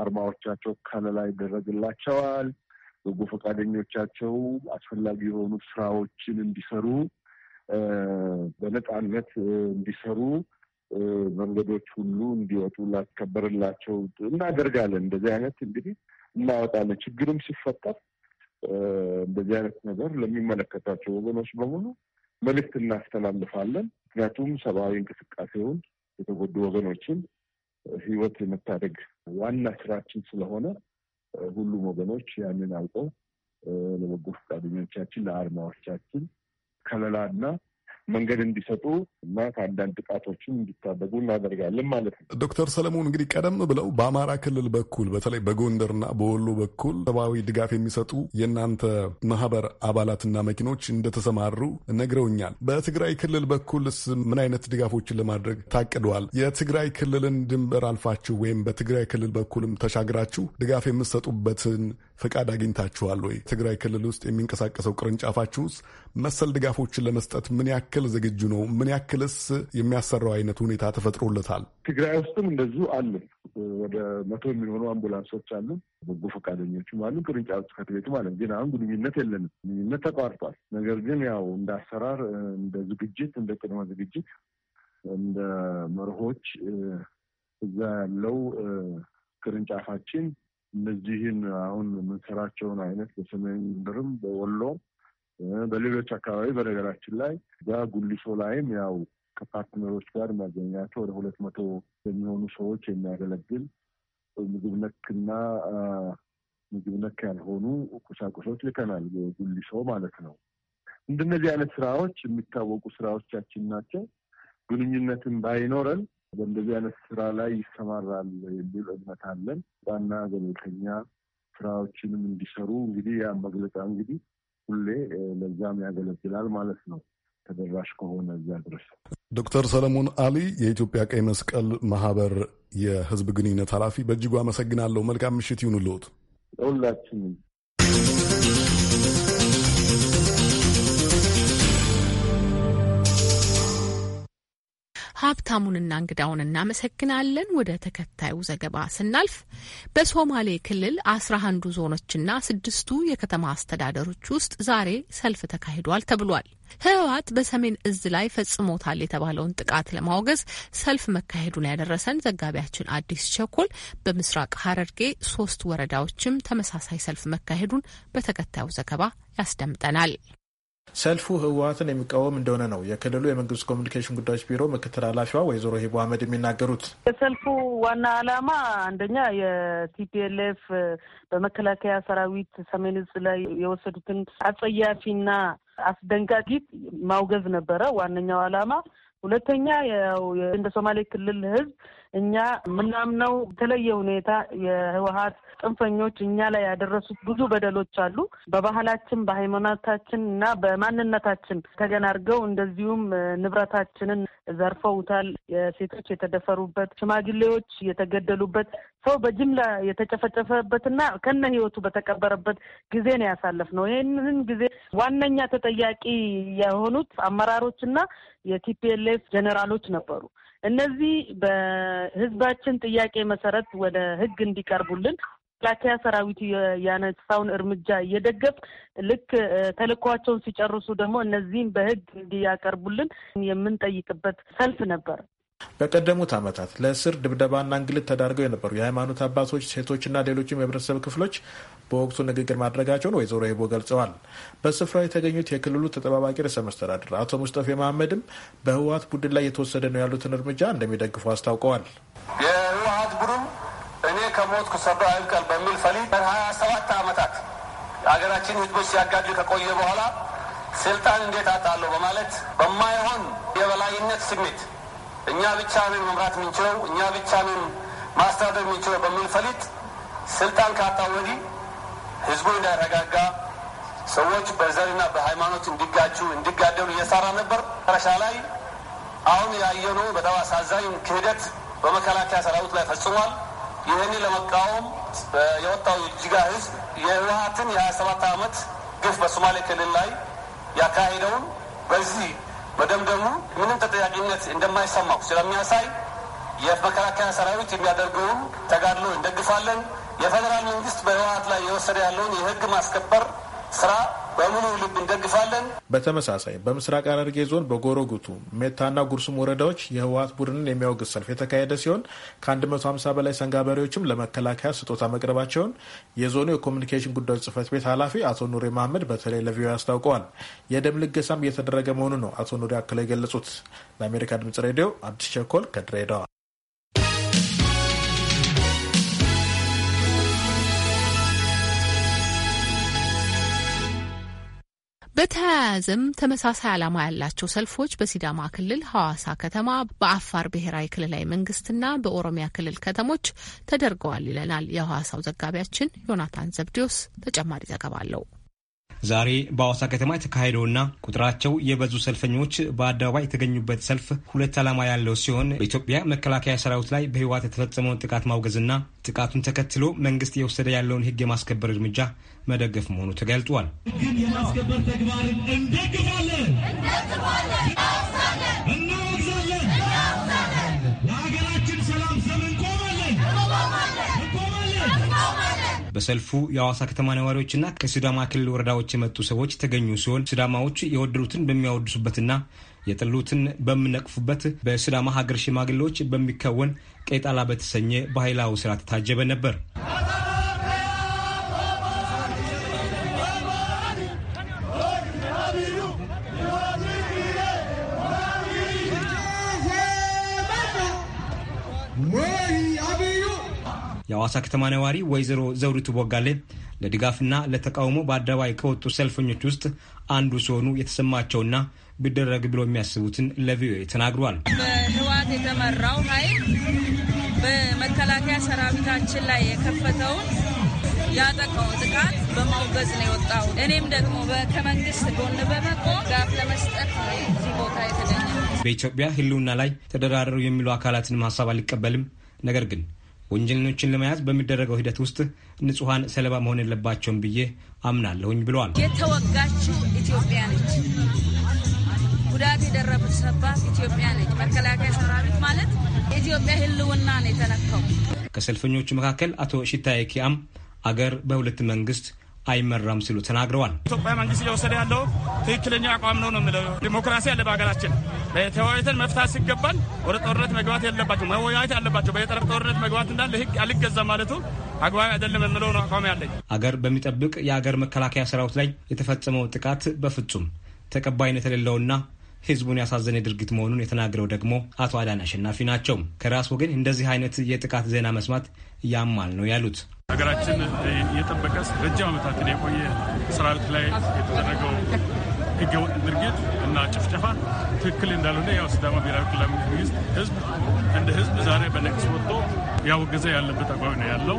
አርማዎቻቸው ከለላ ይደረግላቸዋል። በጎ ፈቃደኞቻቸው አስፈላጊ የሆኑ ስራዎችን እንዲሰሩ በነፃነት እንዲሰሩ መንገዶች ሁሉ እንዲወጡ ላስከበርላቸው እናደርጋለን። እንደዚህ አይነት እንግዲህ እናወጣለን። ችግርም ሲፈጠር እንደዚህ አይነት ነገር ለሚመለከታቸው ወገኖች በሙሉ መልእክት እናስተላልፋለን። ምክንያቱም ሰብአዊ እንቅስቃሴውን የተጎዱ ወገኖችን ህይወት የመታደግ ዋና ስራችን ስለሆነ ሁሉም ወገኖች ያንን አውቀው ለበጎ ፈቃደኞቻችን፣ ለአርማዎቻችን ከለላና መንገድ እንዲሰጡ እና ከአንዳንድ ጥቃቶችም እንዲታደጉ እናደርጋለን ማለት ነው። ዶክተር ሰለሞን እንግዲህ ቀደም ብለው በአማራ ክልል በኩል በተለይ በጎንደርና በወሎ በኩል ሰብአዊ ድጋፍ የሚሰጡ የእናንተ ማህበር አባላትና መኪኖች እንደተሰማሩ ነግረውኛል። በትግራይ ክልል በኩልስ ምን አይነት ድጋፎችን ለማድረግ ታቅደዋል? የትግራይ ክልልን ድንበር አልፋችሁ ወይም በትግራይ ክልል በኩልም ተሻግራችሁ ድጋፍ የምትሰጡበትን ፈቃድ አግኝታችኋል ወይ? ትግራይ ክልል ውስጥ የሚንቀሳቀሰው ቅርንጫፋችሁስ መሰል ድጋፎችን ለመስጠት ምን ያክል ዝግጁ ነው? ምን ያክልስ የሚያሰራው አይነት ሁኔታ ተፈጥሮለታል? ትግራይ ውስጥም እንደዚሁ አለ ወደ መቶ የሚሆኑ አምቡላንሶች አሉ። በጎ ፈቃደኞችም አሉ። ቅርንጫፍ ጽሕፈት ቤትም ማለት ግን አሁን ግንኙነት የለንም። ግንኙነት ተቋርጧል። ነገር ግን ያው እንደ አሰራር፣ እንደ ዝግጅት፣ እንደ ቅድመ ዝግጅት፣ እንደ መርሆች እዛ ያለው ቅርንጫፋችን እነዚህን አሁን የምንሰራቸውን አይነት በሰሜን ምድርም በወሎ በሌሎች አካባቢ በነገራችን ላይ በጉሊሶ ላይም ያው ከፓርትነሮች ጋር የሚያገኛቸው ወደ ሁለት መቶ የሚሆኑ ሰዎች የሚያገለግል ምግብ ነክና ምግብ ነክ ያልሆኑ ቁሳቁሶች ልከናል። ጉሊሶ ማለት ነው። እንደነዚህ አይነት ስራዎች የሚታወቁ ስራዎቻችን ናቸው። ግንኙነትን ባይኖረን በእንደዚህ አይነት ስራ ላይ ይሰማራል የሚል እምነት አለን። ዋና ገለልተኛ ስራዎችንም እንዲሰሩ እንግዲህ ያ መግለጫ እንግዲህ ሁሌ ለዛም ያገለግላል ማለት ነው። ተደራሽ ከሆነ እዚያ ድረስ ዶክተር ሰለሞን አሊ የኢትዮጵያ ቀይ መስቀል ማህበር የህዝብ ግንኙነት ኃላፊ፣ በእጅጉ አመሰግናለሁ። መልካም ምሽት ይሁንልዎት። ሁላችንም ሀብታሙንና እንግዳውን እናመሰግናለን። ወደ ተከታዩ ዘገባ ስናልፍ በሶማሌ ክልል አስራ አንዱ ዞኖችና ስድስቱ የከተማ አስተዳደሮች ውስጥ ዛሬ ሰልፍ ተካሂዷል ተብሏል። ህወሓት በሰሜን እዝ ላይ ፈጽሞታል የተባለውን ጥቃት ለማውገዝ ሰልፍ መካሄዱን ያደረሰን ዘጋቢያችን አዲስ ቸኮል በምስራቅ ሐረርጌ ሶስት ወረዳዎችም ተመሳሳይ ሰልፍ መካሄዱን በተከታዩ ዘገባ ያስደምጠናል። ሰልፉ ህወሀትን የሚቃወም እንደሆነ ነው የክልሉ የመንግስት ኮሚኒኬሽን ጉዳዮች ቢሮ ምክትል ኃላፊዋ ወይዘሮ ሂቡ አህመድ የሚናገሩት። የሰልፉ ዋና ዓላማ አንደኛ የቲፒኤልኤፍ በመከላከያ ሰራዊት ሰሜን እዝ ላይ የወሰዱትን አጸያፊና አስደንጋጊ ማውገዝ ነበረ ዋነኛው ዓላማ። ሁለተኛ እንደ ሶማሌ ክልል ህዝብ እኛ የምናምነው በተለየ ሁኔታ የህወሀት ጽንፈኞች እኛ ላይ ያደረሱት ብዙ በደሎች አሉ። በባህላችን፣ በሃይማኖታችን እና በማንነታችን ተገናርገው እንደዚሁም ንብረታችንን ዘርፈውታል። የሴቶች የተደፈሩበት፣ ሽማግሌዎች የተገደሉበት፣ ሰው በጅምላ የተጨፈጨፈበትና ከነ ህይወቱ በተቀበረበት ጊዜ ነው ያሳለፍ ነው። ይህንን ጊዜ ዋነኛ ተጠያቂ የሆኑት አመራሮችና የቲፒኤልኤፍ ጀኔራሎች ነበሩ። እነዚህ በህዝባችን ጥያቄ መሰረት ወደ ህግ እንዲቀርቡልን መከላከያ ሰራዊቱ ያነሳውን እርምጃ እየደገፍ ልክ ተልኳቸውን ሲጨርሱ ደግሞ እነዚህም በህግ እንዲያቀርቡልን የምንጠይቅበት ሰልፍ ነበር። በቀደሙት ዓመታት ለእስር ድብደባና እንግልት ተዳርገው የነበሩ የሃይማኖት አባቶች፣ ሴቶችና ሌሎችም የህብረተሰብ ክፍሎች በወቅቱ ንግግር ማድረጋቸውን ወይዘሮ ሄቦ ገልጸዋል። በስፍራው የተገኙት የክልሉ ተጠባባቂ ርዕሰ መስተዳድር አቶ ሙስጠፌ መሐመድም በህወሀት ቡድን ላይ የተወሰደ ነው ያሉትን እርምጃ እንደሚደግፉ አስታውቀዋል። የህወሀት ቡድን እኔ ከሞትኩ ሰብአ ይብቀል በሚል ፈሊጥ ሀያ ሰባት ዓመታት የሀገራችን ህዝቦች ሲያጋድል ከቆየ በኋላ ስልጣን እንዴት አጣለሁ በማለት በማይሆን የበላይነት ስሜት እኛ ብቻ ነን መምራት የምንችለው እኛ ብቻ ነን ማስተዳደር የምንችለው በሚል ፈሊጥ ስልጣን ካጣ ወዲህ ህዝቡ እንዳይረጋጋ ሰዎች በዘርና በሃይማኖት እንዲጋጩ እንዲጋደሉ እየሰራ ነበር። መጨረሻ ላይ አሁን ያየነው በጣም አሳዛኝ ክህደት በመከላከያ ሰራዊት ላይ ፈጽሟል። ይህን ለመቃወም የወጣው የጅጋ ህዝብ የህወሀትን የሀያ ሰባት ዓመት ግፍ በሶማሌ ክልል ላይ ያካሄደውን በዚህ መደምደሙ ምንም ተጠያቂነት እንደማይሰማው ስለሚያሳይ የመከላከያ ሰራዊት የሚያደርገውን ተጋድሎ እንደግፋለን። የፌዴራል መንግስት በህወሀት ላይ የወሰደ ያለውን የህግ ማስከበር ስራ በሙሉ ልብ እንደግፋለን። በተመሳሳይ በምስራቅ ሐረርጌ ዞን በጎሮጉቱ ሜታና ጉርሱም ወረዳዎች የህወሀት ቡድንን የሚያወግዝ ሰልፍ የተካሄደ ሲሆን ከ150 በላይ ሰንጋ በሬዎችም ለመከላከያ ስጦታ መቅረባቸውን የዞኑ የኮሚኒኬሽን ጉዳዮች ጽህፈት ቤት ኃላፊ አቶ ኑሬ መሀመድ በተለይ ለቪዮ አስታውቀዋል። የደም ልገሳም እየተደረገ መሆኑ ነው አቶ ኑሬ አክለው የገለጹት። ለአሜሪካ ድምጽ ሬዲዮ አዲስ ቸኮል ከድሬዳዋ በተያያዘም ተመሳሳይ ዓላማ ያላቸው ሰልፎች በሲዳማ ክልል ሐዋሳ ከተማ፣ በአፋር ብሔራዊ ክልላዊ መንግስትና በኦሮሚያ ክልል ከተሞች ተደርገዋል ይለናል የሐዋሳው ዘጋቢያችን ዮናታን ዘብዲዮስ ተጨማሪ ዘገባ አለው። ዛሬ በአዋሳ ከተማ የተካሄደውና ቁጥራቸው የበዙ ሰልፈኞች በአደባባይ የተገኙበት ሰልፍ ሁለት ዓላማ ያለው ሲሆን በኢትዮጵያ መከላከያ ሰራዊት ላይ በህወሓት የተፈጸመውን ጥቃት ማውገዝና ጥቃቱን ተከትሎ መንግስት የወሰደ ያለውን ህግ የማስከበር እርምጃ መደገፍ መሆኑ ተገልጧል። ግን የማስከበር ተግባርን እንደግፋለን፣ በሰልፉ የአዋሳ ከተማ ነዋሪዎችና ከሲዳማ ክልል ወረዳዎች የመጡ ሰዎች የተገኙ ሲሆን ሲዳማዎች የወደዱትን በሚያወድሱበትና የጥሉትን በምነቅፉበት በሲዳማ ሀገር ሽማግሌዎች በሚከወን ቄጣላ በተሰኘ ባህላዊ ስርዓት ታጀበ ነበር። የአዋሳ ከተማ ነዋሪ ወይዘሮ ዘውዲቱ ቦጋሌ ለድጋፍና ለተቃውሞ በአደባባይ ከወጡ ሰልፈኞች ውስጥ አንዱ ሲሆኑ የተሰማቸውና ቢደረግ ብሎ የሚያስቡትን ለቪኦኤ ተናግሯል። በህወሓት የተመራው ኃይል በመከላከያ ሰራዊታችን ላይ የከፈተውን ያጠቀው ጥቃት በማውገዝ ነው የወጣው። እኔም ደግሞ ከመንግስት ጎን በመቆም ጋፍ ለመስጠት እዚህ ቦታ የተገኘ። በኢትዮጵያ ህልውና ላይ ተደራደሩ የሚሉ አካላትንም ሀሳብ አልቀበልም ነገር ግን ወንጀለኞችን ለመያዝ በሚደረገው ሂደት ውስጥ ንጹሐን ሰለባ መሆን የለባቸውም ብዬ አምናለሁኝ ብለዋል። የተወጋችው ኢትዮጵያ ነች። ጉዳት ሰባት ኢትዮጵያ ነች። መከላከያ ሰራዊት ማለት የኢትዮጵያ ሕልውና ነው የተነካው። ከሰልፈኞቹ መካከል አቶ ሽታዬ ኪያም አገር በሁለት መንግስት አይመራም ሲሉ ተናግረዋል። ኢትዮጵያ መንግስት እየወሰደ ያለው ትክክለኛ አቋም ነው ነው የሚለው ዲሞክራሲ አለ በሀገራችን። ተወያይተን መፍታት ሲገባል ወደ ጦርነት መግባት የለባቸው መወያየት አለባቸው። በየጠረፍ ጦርነት መግባት እንዳለ ህግ አልገዛ ማለቱ አግባብ አይደለም የምለው ነው አቋም ያለኝ። አገር በሚጠብቅ የአገር መከላከያ ሰራዊት ላይ የተፈጸመው ጥቃት በፍጹም ተቀባይነት የሌለውና ህዝቡን ያሳዘነ ድርጊት መሆኑን የተናግረው ደግሞ አቶ አዳን አሸናፊ ናቸው። ከራስ ወገን እንደዚህ አይነት የጥቃት ዜና መስማት ያማል ነው ያሉት። ሀገራችን የጠበቀስ ረጅም ዓመታትን የቆየ ሰራዊት ላይ የተደረገው ህገወጥ ድርጊት እና ጭፍጨፋ ትክክል እንዳልሆነ ያው ሲዳማ ብሔራዊ ክልላዊ መንግስት ህዝብ እንደ ህዝብ ዛሬ በነቅስ ወጥቶ ያወገዘ ያለበት አቋም ነው ያለው።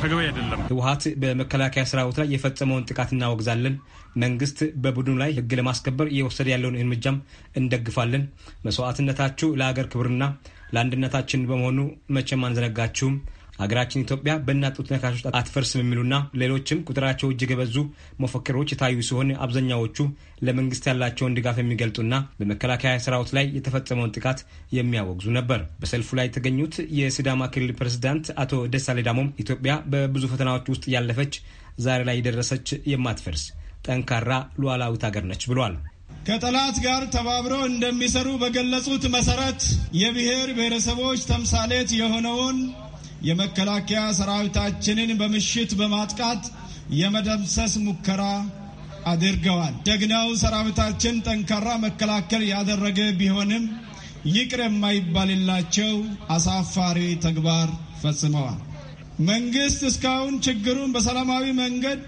ተገቢ አይደለም። ህወሀት በመከላከያ ሰራዊት ላይ የፈጸመውን ጥቃት እናወግዛለን። መንግስት በቡድኑ ላይ ህግ ለማስከበር እየወሰደ ያለውን እርምጃም እንደግፋለን። መስዋዕትነታችሁ ለሀገር ክብርና ለአንድነታችን በመሆኑ መቼም አንዘነጋችሁም። ሀገራችን ኢትዮጵያ በእናት ነካሾች አትፈርስም የሚሉና ሌሎችም ቁጥራቸው እጅግ የበዙ መፈክሮች የታዩ ሲሆን አብዛኛዎቹ ለመንግስት ያላቸውን ድጋፍ የሚገልጡና በመከላከያ ሰራዊት ላይ የተፈጸመውን ጥቃት የሚያወግዙ ነበር። በሰልፉ ላይ የተገኙት የሲዳማ ክልል ፕሬዝዳንት አቶ ደሳሌ ዳሞም ኢትዮጵያ በብዙ ፈተናዎች ውስጥ ያለፈች፣ ዛሬ ላይ የደረሰች የማትፈርስ ጠንካራ ሉዓላዊት ሀገር ነች ብሏል። ከጠላት ጋር ተባብረው እንደሚሰሩ በገለጹት መሰረት የብሔር ብሔረሰቦች ተምሳሌት የሆነውን የመከላከያ ሰራዊታችንን በምሽት በማጥቃት የመደምሰስ ሙከራ አድርገዋል። ደግናው ሰራዊታችን ጠንካራ መከላከል ያደረገ ቢሆንም ይቅር የማይባልላቸው አሳፋሪ ተግባር ፈጽመዋል። መንግስት እስካሁን ችግሩን በሰላማዊ መንገድ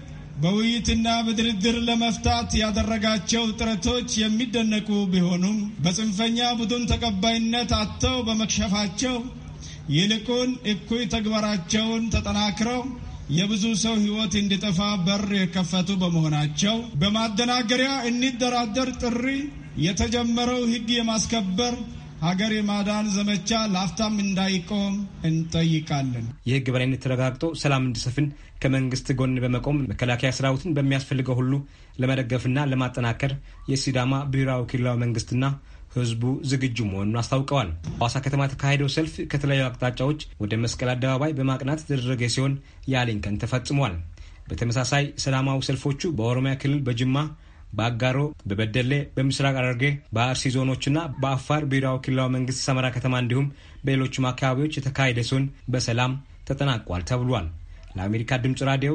በውይይትና በድርድር ለመፍታት ያደረጋቸው ጥረቶች የሚደነቁ ቢሆኑም በጽንፈኛ ቡድን ተቀባይነት አጥተው በመክሸፋቸው ይልቁን እኩይ ተግባራቸውን ተጠናክረው የብዙ ሰው ሕይወት እንዲጠፋ በር የከፈቱ በመሆናቸው በማደናገሪያ እንደራደር ጥሪ የተጀመረው ሕግ የማስከበር ሀገር የማዳን ዘመቻ ላፍታም እንዳይቆም እንጠይቃለን። የሕግ በላይነት ተረጋግጦ ሰላም እንዲሰፍን ከመንግስት ጎን በመቆም መከላከያ ሰራዊትን በሚያስፈልገው ሁሉ ለመደገፍና ለማጠናከር የሲዳማ ብሔራዊ ክልላዊ መንግስትና ህዝቡ ዝግጁ መሆኑን አስታውቀዋል። ሐዋሳ ከተማ የተካሄደው ሰልፍ ከተለያዩ አቅጣጫዎች ወደ መስቀል አደባባይ በማቅናት የተደረገ ሲሆን የአሊን ተፈጽሟል። በተመሳሳይ ሰላማዊ ሰልፎቹ በኦሮሚያ ክልል በጅማ፣ በአጋሮ፣ በበደሌ፣ በምስራቅ ሐረርጌ፣ በአርሲ ዞኖችና በአፋር ብሔራዊ ክልላዊ መንግስት ሰመራ ከተማ እንዲሁም በሌሎችም አካባቢዎች የተካሄደ ሲሆን በሰላም ተጠናቋል ተብሏል። ለአሜሪካ ድምፅ ራዲዮ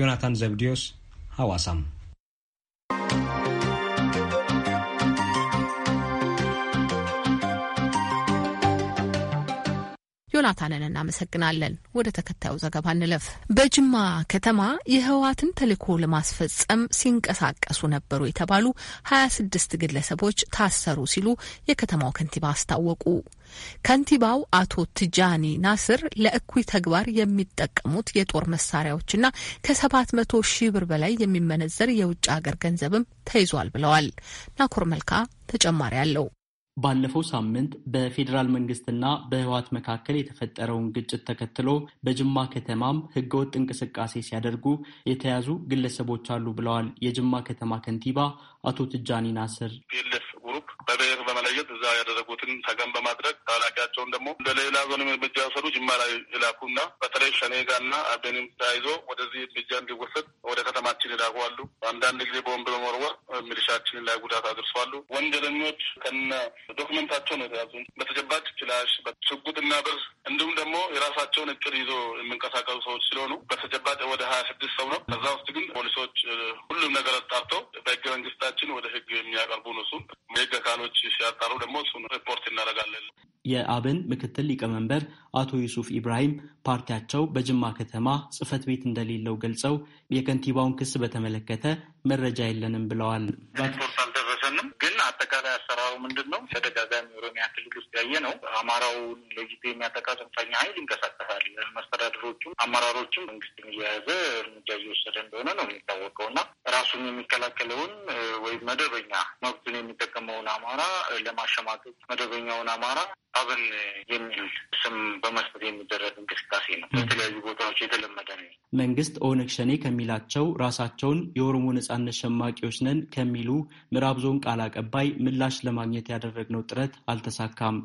ዮናታን ዘብዲዮስ ሐዋሳም ዮናታንን እናመሰግናለን። ወደ ተከታዩ ዘገባ እንለፍ። በጅማ ከተማ የህወሓትን ተልዕኮ ለማስፈጸም ሲንቀሳቀሱ ነበሩ የተባሉ ሀያ ስድስት ግለሰቦች ታሰሩ ሲሉ የከተማው ከንቲባ አስታወቁ። ከንቲባው አቶ ትጃኒ ናስር ለእኩይ ተግባር የሚጠቀሙት የጦር መሳሪያዎችና ከሰባት መቶ ሺህ ብር በላይ የሚመነዘር የውጭ ሀገር ገንዘብም ተይዟል ብለዋል። ናኮር መልካ ተጨማሪ አለው። ባለፈው ሳምንት በፌዴራል መንግስትና በህወሓት መካከል የተፈጠረውን ግጭት ተከትሎ በጅማ ከተማም ህገወጥ እንቅስቃሴ ሲያደርጉ የተያዙ ግለሰቦች አሉ ብለዋል የጅማ ከተማ ከንቲባ አቶ ትጃኒ ናስር። ግሩፕ በብሔር በመለየት እዛ ያደረጉትን ተገን በማድረግ ታላቂያቸውን ደግሞ እንደ ሌላ ዞን እርምጃ ወሰዱ። ጅማ ላይ ይላኩና በተለይ ሸኔጋ ጋርና አቤንም ተያይዞ ወደዚህ እርምጃ እንዲወሰድ ወደ ከተማችን ይላኩ አሉ። አንዳንድ ጊዜ በወንብ በመወርወር ሚሊሻችንን ላይ ጉዳት አድርሷሉ። ወንጀለኞች ከነ ዶክመንታቸው ነው የተያዙ። በተጨባጭ ችላሽ፣ ሽጉጥና ብር እንዲሁም ደግሞ የራሳቸውን እቅድ ይዞ የሚንቀሳቀሱ ሰዎች ስለሆኑ በተጨባጭ ወደ ሀያ ስድስት ሰው ነው። ከዛ ውስጥ ግን ፖሊሶች ሁሉም ነገር አጣርተው በህገ መንግስታችን ወደ ህግ የሚያቀርቡ ነው እሱን አካሎች ሲያጣሩ ደግሞ እሱን ሪፖርት እናደርጋለን። የአብን ምክትል ሊቀመንበር አቶ ዩሱፍ ኢብራሂም ፓርቲያቸው በጅማ ከተማ ጽህፈት ቤት እንደሌለው ገልጸው የከንቲባውን ክስ በተመለከተ መረጃ የለንም ብለዋል። ግን አጠቃላይ አሰራሩ ምንድን ነው? ተደጋጋሚ ኦሮሚያ ክልል ውስጥ ያየ ነው። አማራውን ለይቶ የሚያጠቃ ጽንፈኛ ኃይል ይንቀሳቀሳል። መስተዳድሮቹም አመራሮችም መንግስትን እየያዘ እርምጃ እየወሰደ እንደሆነ ነው የሚታወቀው እና ራሱን የሚከላከለውን ወይም መደበኛ መብቱን የሚጠቀመውን አማራ ለማሸማቀቅ መደበኛውን አማራ አብን የሚል ስም በመስጠት የሚደረግ እንቅስቃሴ ነው። በተለያዩ ቦታዎች የተለመደ ነው። መንግስት ኦነግ ሸኔ ከሚ ከሚላቸው ራሳቸውን የኦሮሞ ነጻነት ሸማቂዎች ነን ከሚሉ ምዕራብ ዞን ቃል አቀባይ ምላሽ ለማግኘት ያደረግነው ጥረት አልተሳካም።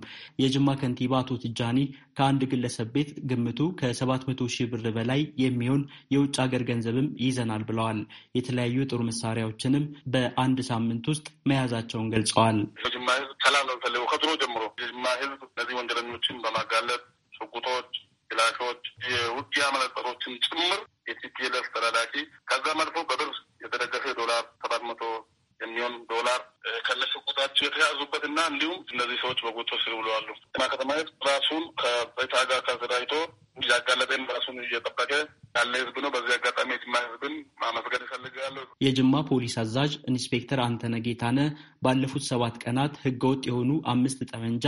የጅማ ከንቲባ አቶ ትጃኒ ከአንድ ግለሰብ ቤት ግምቱ ከ700 ሺህ ብር በላይ የሚሆን የውጭ ሀገር ገንዘብም ይዘናል ብለዋል። የተለያዩ የጦር መሳሪያዎችንም በአንድ ሳምንት ውስጥ መያዛቸውን ገልጸዋል። በጅማ ህዝብ ሰላም ለምፈልገው ከድሮ ጀምሮ የጅማ ህዝብ እነዚህ ወንጀለኞችን በማጋለጥ ሽጉጦች፣ ክላሾች፣ የውጊያ መነጽሮችን ጭምር የቲፒኤልኤፍ ተላላኪ ከዛም አልፎ በብር የተደገፈ ዶላር ሰባት መቶ የሚሆን ዶላር ከነሱ ቁጣቸው የተያዙበት እና እንዲሁም እነዚህ ሰዎች በጎቶ ስር ብለዋሉ እና ከተማ ራሱን ከቤታ ጋር ተዘጋጅቶ እያጋለጠን ራሱን እየጠበቀ ያለ ህዝብ ነው። በዚህ አጋጣሚ የጅማ ህዝብን ማመስገን ይፈልጋለሁ። የጅማ ፖሊስ አዛዥ ኢንስፔክተር አንተነ ጌታነ ባለፉት ሰባት ቀናት ህገወጥ የሆኑ አምስት ጠመንጃ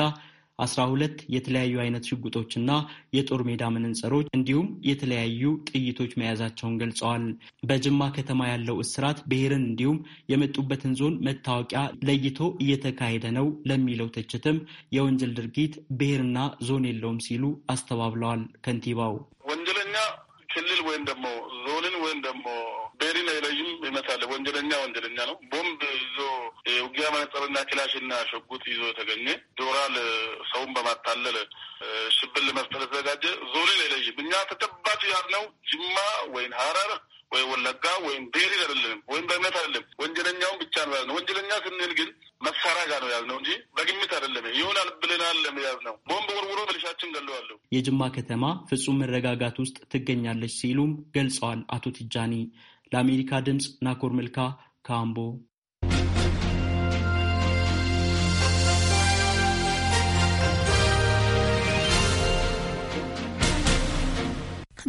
አስራ ሁለት የተለያዩ አይነት ሽጉጦችና የጦር ሜዳ መነጽሮች እንዲሁም የተለያዩ ጥይቶች መያዛቸውን ገልጸዋል። በጅማ ከተማ ያለው እስራት ብሔርን እንዲሁም የመጡበትን ዞን መታወቂያ ለይቶ እየተካሄደ ነው ለሚለው ትችትም የወንጀል ድርጊት ብሔርና ዞን የለውም ሲሉ አስተባብለዋል ከንቲባው ክልል ወይም ደግሞ ዞንን ወይም ደግሞ ቤሪን አይለይም ይመታል። ወንጀለኛ ወንጀለኛ ነው። ቦምብ ይዞ የውጊያ መነጽርና ክላሽና ሽጉጥ ይዞ የተገኘ ዶራል ሰውን በማታለል ሽብር ለመፍጠር የተዘጋጀ ዞንን አይለይም። እኛ ተጨባጭ ያልነው ጅማ ወይም ሀረር ወይ ወለጋ ወይም ቤሪን አይደለም፣ ወይም በእምነት አይደለም። ወንጀለኛውን ብቻ ነው ያልነው። ወንጀለኛ ስንል ግን መሳሪያ ነው ያዝነው እንጂ በግምት አይደለም። ይሆናል ብለናል ያዝነው። ቦምብ ወርውሮ በልሻችን ገለዋለሁ። የጅማ ከተማ ፍጹም መረጋጋት ውስጥ ትገኛለች ሲሉም ገልጸዋል አቶ ትጃኒ። ለአሜሪካ ድምፅ ናኮር መልካ ካምቦ።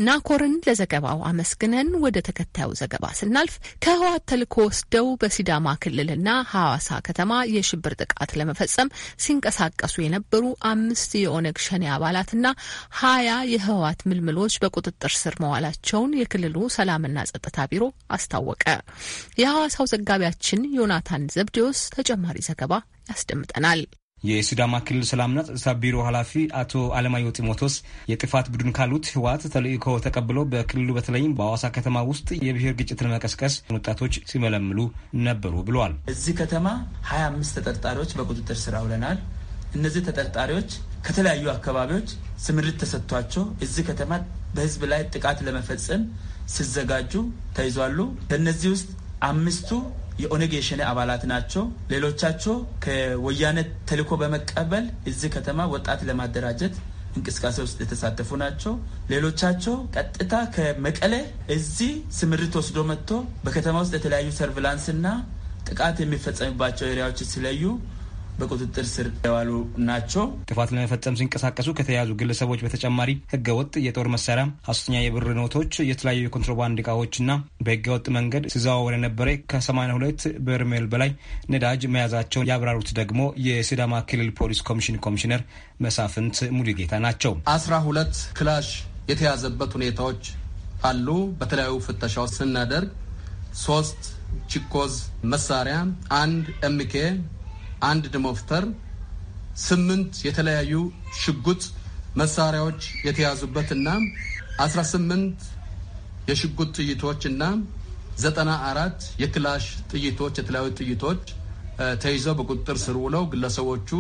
ናኮርን ለዘገባው አመስግነን ወደ ተከታዩ ዘገባ ስናልፍ ከህወሓት ተልዕኮ ወስደው በሲዳማ ክልልና ሐዋሳ ከተማ የሽብር ጥቃት ለመፈጸም ሲንቀሳቀሱ የነበሩ አምስት የኦነግ ሸኔ አባላትና ሀያ የህወሓት ምልምሎች በቁጥጥር ስር መዋላቸውን የክልሉ ሰላምና ጸጥታ ቢሮ አስታወቀ። የሐዋሳው ዘጋቢያችን ዮናታን ዘብዴዎስ ተጨማሪ ዘገባ ያስደምጠናል። የሲዳማ ክልል ሰላምና ጸጥታ ቢሮ ኃላፊ አቶ አለማየሁ ጢሞቶስ የጥፋት ቡድን ካሉት ህወሓት ተልእኮ ተቀብሎ በክልሉ በተለይም በአዋሳ ከተማ ውስጥ የብሔር ግጭት ለመቀስቀስ ወጣቶች ሲመለምሉ ነበሩ ብለዋል። እዚህ ከተማ 25 ተጠርጣሪዎች በቁጥጥር ስር አውለናል። እነዚህ ተጠርጣሪዎች ከተለያዩ አካባቢዎች ስምሪት ተሰጥቷቸው እዚህ ከተማ በህዝብ ላይ ጥቃት ለመፈጸም ሲዘጋጁ ተይዟሉ። ከእነዚህ ውስጥ አምስቱ የኦነግ የሸኔ አባላት ናቸው። ሌሎቻቸው ከወያኔ ተልዕኮ በመቀበል እዚህ ከተማ ወጣት ለማደራጀት እንቅስቃሴ ውስጥ የተሳተፉ ናቸው። ሌሎቻቸው ቀጥታ ከመቀሌ እዚህ ስምሪት ወስዶ መጥቶ በከተማ ውስጥ የተለያዩ ሰርቪላንስና ጥቃት የሚፈጸምባቸው ኤሪያዎች ሲለዩ በቁጥጥር ስር የዋሉ ናቸው። ጥፋት ለመፈጸም ሲንቀሳቀሱ ከተያዙ ግለሰቦች በተጨማሪ ህገወጥ የጦር መሳሪያ፣ ሐሰተኛ የብር ኖቶች፣ የተለያዩ የኮንትሮባንድ እቃዎችና በህገወጥ መንገድ ሲዘዋወር የነበረ ከ82 በርሜል በላይ ነዳጅ መያዛቸውን ያብራሩት ደግሞ የሲዳማ ክልል ፖሊስ ኮሚሽን ኮሚሽነር መሳፍንት ሙሉጌታ ናቸው። አስራ ሁለት ክላሽ የተያዘበት ሁኔታዎች አሉ። በተለያዩ ፍተሻው ስናደርግ ሶስት ቺኮዝ መሳሪያ፣ አንድ ኤምኬ አንድ ድሞፍተር፣ ስምንት የተለያዩ ሽጉጥ መሳሪያዎች የተያዙበት እና አስራ ስምንት የሽጉጥ ጥይቶች እና ዘጠና አራት የክላሽ ጥይቶች የተለያዩ ጥይቶች ተይዘው በቁጥጥር ስር ውለው ግለሰቦቹ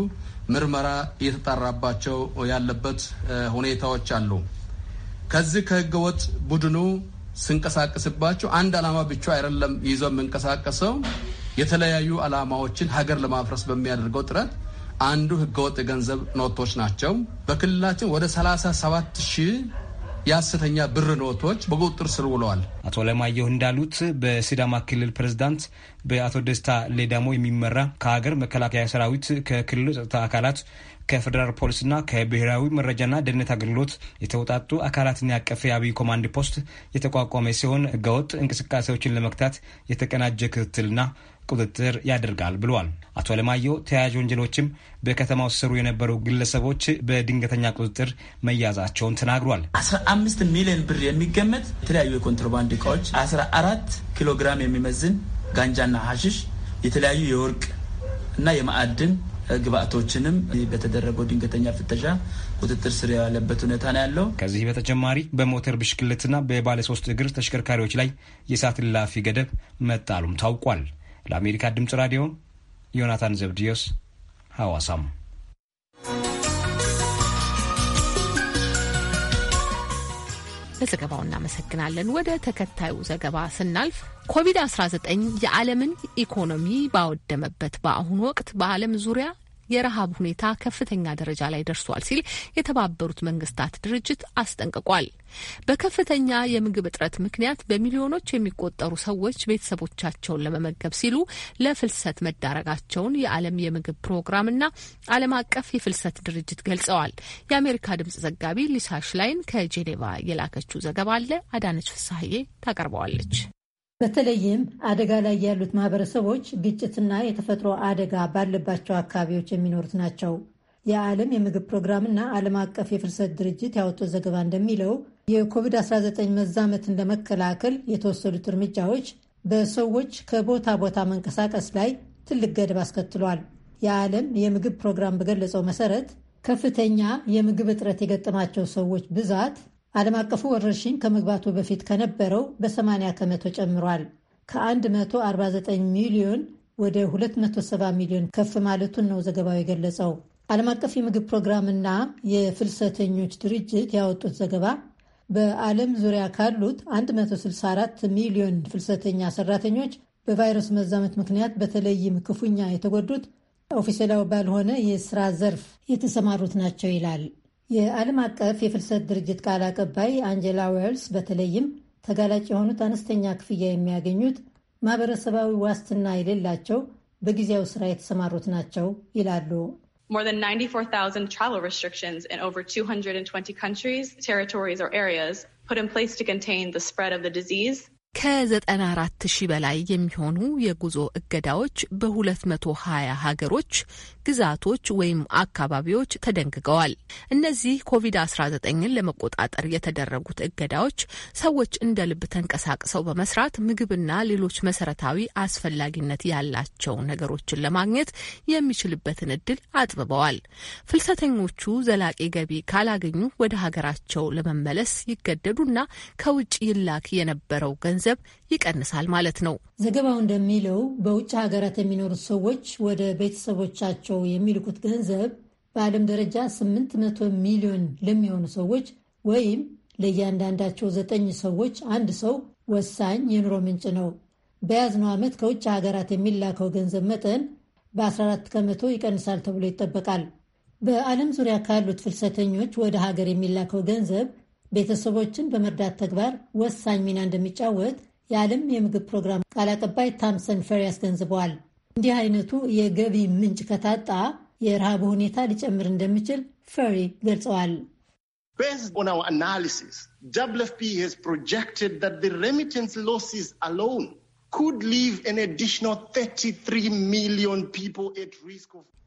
ምርመራ እየተጣራባቸው ያለበት ሁኔታዎች አሉ። ከዚህ ከህገወጥ ቡድኑ ስንቀሳቀስባቸው አንድ አላማ ብቻ አይደለም ይዘው የምንቀሳቀሰው የተለያዩ ዓላማዎችን ሀገር ለማፍረስ በሚያደርገው ጥረት አንዱ ህገወጥ የገንዘብ ኖቶች ናቸው። በክልላችን ወደ 37 ሺህ የሐሰተኛ ብር ኖቶች በቁጥጥር ስር ውለዋል። አቶ ለማየሁ እንዳሉት በሲዳማ ክልል ፕሬዝዳንት በአቶ ደስታ ሌዳሞ የሚመራ ከሀገር መከላከያ ሰራዊት ከክልሉ ጸጥታ አካላት ከፌዴራል ፖሊስና ከብሔራዊ መረጃና ደህንነት አገልግሎት የተውጣጡ አካላትን ያቀፈ የአብይ ኮማንድ ፖስት የተቋቋመ ሲሆን ህገወጥ እንቅስቃሴዎችን ለመግታት የተቀናጀ ክትትልና ቁጥጥር ያደርጋል ብሏል። አቶ አለማየሁ ተያያዥ ወንጀሎችም በከተማው ስሩ የነበሩ ግለሰቦች በድንገተኛ ቁጥጥር መያዛቸውን ተናግሯል። 15 ሚሊዮን ብር የሚገመት የተለያዩ የኮንትሮባንድ እቃዎች፣ 14 ኪሎ ግራም የሚመዝን ጋንጃና ሀሽሽ፣ የተለያዩ የወርቅ እና የማዕድን ግብአቶችንም በተደረገው ድንገተኛ ፍተሻ ቁጥጥር ስር ያለበት ሁኔታ ነው ያለው። ከዚህ በተጨማሪ በሞተር ብሽክልትና በባለሶስት እግር ተሽከርካሪዎች ላይ የሰዓት እላፊ ገደብ መጣሉም ታውቋል። ለአሜሪካ ድምፅ ራዲዮ ዮናታን ዘብድዮስ ሐዋሳም ለዘገባው እናመሰግናለን። ወደ ተከታዩ ዘገባ ስናልፍ ኮቪድ-19 የዓለምን ኢኮኖሚ ባወደመበት በአሁኑ ወቅት በዓለም ዙሪያ የረሃብ ሁኔታ ከፍተኛ ደረጃ ላይ ደርሷል ሲል የተባበሩት መንግስታት ድርጅት አስጠንቅቋል። በከፍተኛ የምግብ እጥረት ምክንያት በሚሊዮኖች የሚቆጠሩ ሰዎች ቤተሰቦቻቸውን ለመመገብ ሲሉ ለፍልሰት መዳረጋቸውን የዓለም የምግብ ፕሮግራምና ዓለም አቀፍ የፍልሰት ድርጅት ገልጸዋል። የአሜሪካ ድምጽ ዘጋቢ ሊሳ ሽላይን ከጄኔቫ የላከችው ዘገባ አለ። አዳነች ፍሳሀዬ ታቀርበዋለች። በተለይም አደጋ ላይ ያሉት ማህበረሰቦች ግጭትና የተፈጥሮ አደጋ ባለባቸው አካባቢዎች የሚኖሩት ናቸው። የዓለም የምግብ ፕሮግራምና ዓለም አቀፍ የፍልሰት ድርጅት ያወጣው ዘገባ እንደሚለው የኮቪድ-19 መዛመትን ለመከላከል የተወሰዱት እርምጃዎች በሰዎች ከቦታ ቦታ መንቀሳቀስ ላይ ትልቅ ገደብ አስከትሏል። የዓለም የምግብ ፕሮግራም በገለጸው መሰረት ከፍተኛ የምግብ እጥረት የገጠማቸው ሰዎች ብዛት ዓለም አቀፉ ወረርሽኝ ከመግባቱ በፊት ከነበረው በ80 ከመቶ ጨምሯል። ከ149 ሚሊዮን ወደ 270 ሚሊዮን ከፍ ማለቱን ነው ዘገባው የገለጸው። ዓለም አቀፍ የምግብ ፕሮግራምና የፍልሰተኞች ድርጅት ያወጡት ዘገባ በዓለም ዙሪያ ካሉት 164 ሚሊዮን ፍልሰተኛ ሰራተኞች በቫይረስ መዛመት ምክንያት በተለይም ክፉኛ የተጎዱት ኦፊሴላዊ ባልሆነ የስራ ዘርፍ የተሰማሩት ናቸው ይላል። የዓለም አቀፍ የፍልሰት ድርጅት ቃል አቀባይ አንጀላ ዌልስ በተለይም ተጋላጭ የሆኑት አነስተኛ ክፍያ የሚያገኙት ማህበረሰባዊ ዋስትና የሌላቸው በጊዜያዊ ስራ የተሰማሩት ናቸው ይላሉ። more than 94,000 travel restrictions in over 220 countries, territories, or areas put in place to contain the spread of the disease ከ94 ሺህ በላይ የሚሆኑ የጉዞ እገዳዎች በ220 ሀገሮች፣ ግዛቶች ወይም አካባቢዎች ተደንግገዋል። እነዚህ ኮቪድ-19ን ለመቆጣጠር የተደረጉት እገዳዎች ሰዎች እንደ ልብ ተንቀሳቅሰው በመስራት ምግብና ሌሎች መሰረታዊ አስፈላጊነት ያላቸው ነገሮችን ለማግኘት የሚችልበትን እድል አጥብበዋል። ፍልሰተኞቹ ዘላቂ ገቢ ካላገኙ ወደ ሀገራቸው ለመመለስ ይገደዱና ከውጭ ይላክ የነበረው ገንዘብ ገንዘብ ይቀንሳል ማለት ነው። ዘገባው እንደሚለው በውጭ ሀገራት የሚኖሩት ሰዎች ወደ ቤተሰቦቻቸው የሚልኩት ገንዘብ በዓለም ደረጃ 800 ሚሊዮን ለሚሆኑ ሰዎች ወይም ለእያንዳንዳቸው ዘጠኝ ሰዎች አንድ ሰው ወሳኝ የኑሮ ምንጭ ነው። በያዝነው ዓመት ከውጭ ሀገራት የሚላከው ገንዘብ መጠን በ14 ከመቶ ይቀንሳል ተብሎ ይጠበቃል። በዓለም ዙሪያ ካሉት ፍልሰተኞች ወደ ሀገር የሚላከው ገንዘብ ቤተሰቦችን በመርዳት ተግባር ወሳኝ ሚና እንደሚጫወት የዓለም የምግብ ፕሮግራም ቃል አቀባይ ታምሰን ፈሪ አስገንዝበዋል። እንዲህ አይነቱ የገቢ ምንጭ ከታጣ የረሃቡ ሁኔታ ሊጨምር እንደሚችል ፈሪ ገልጸዋል።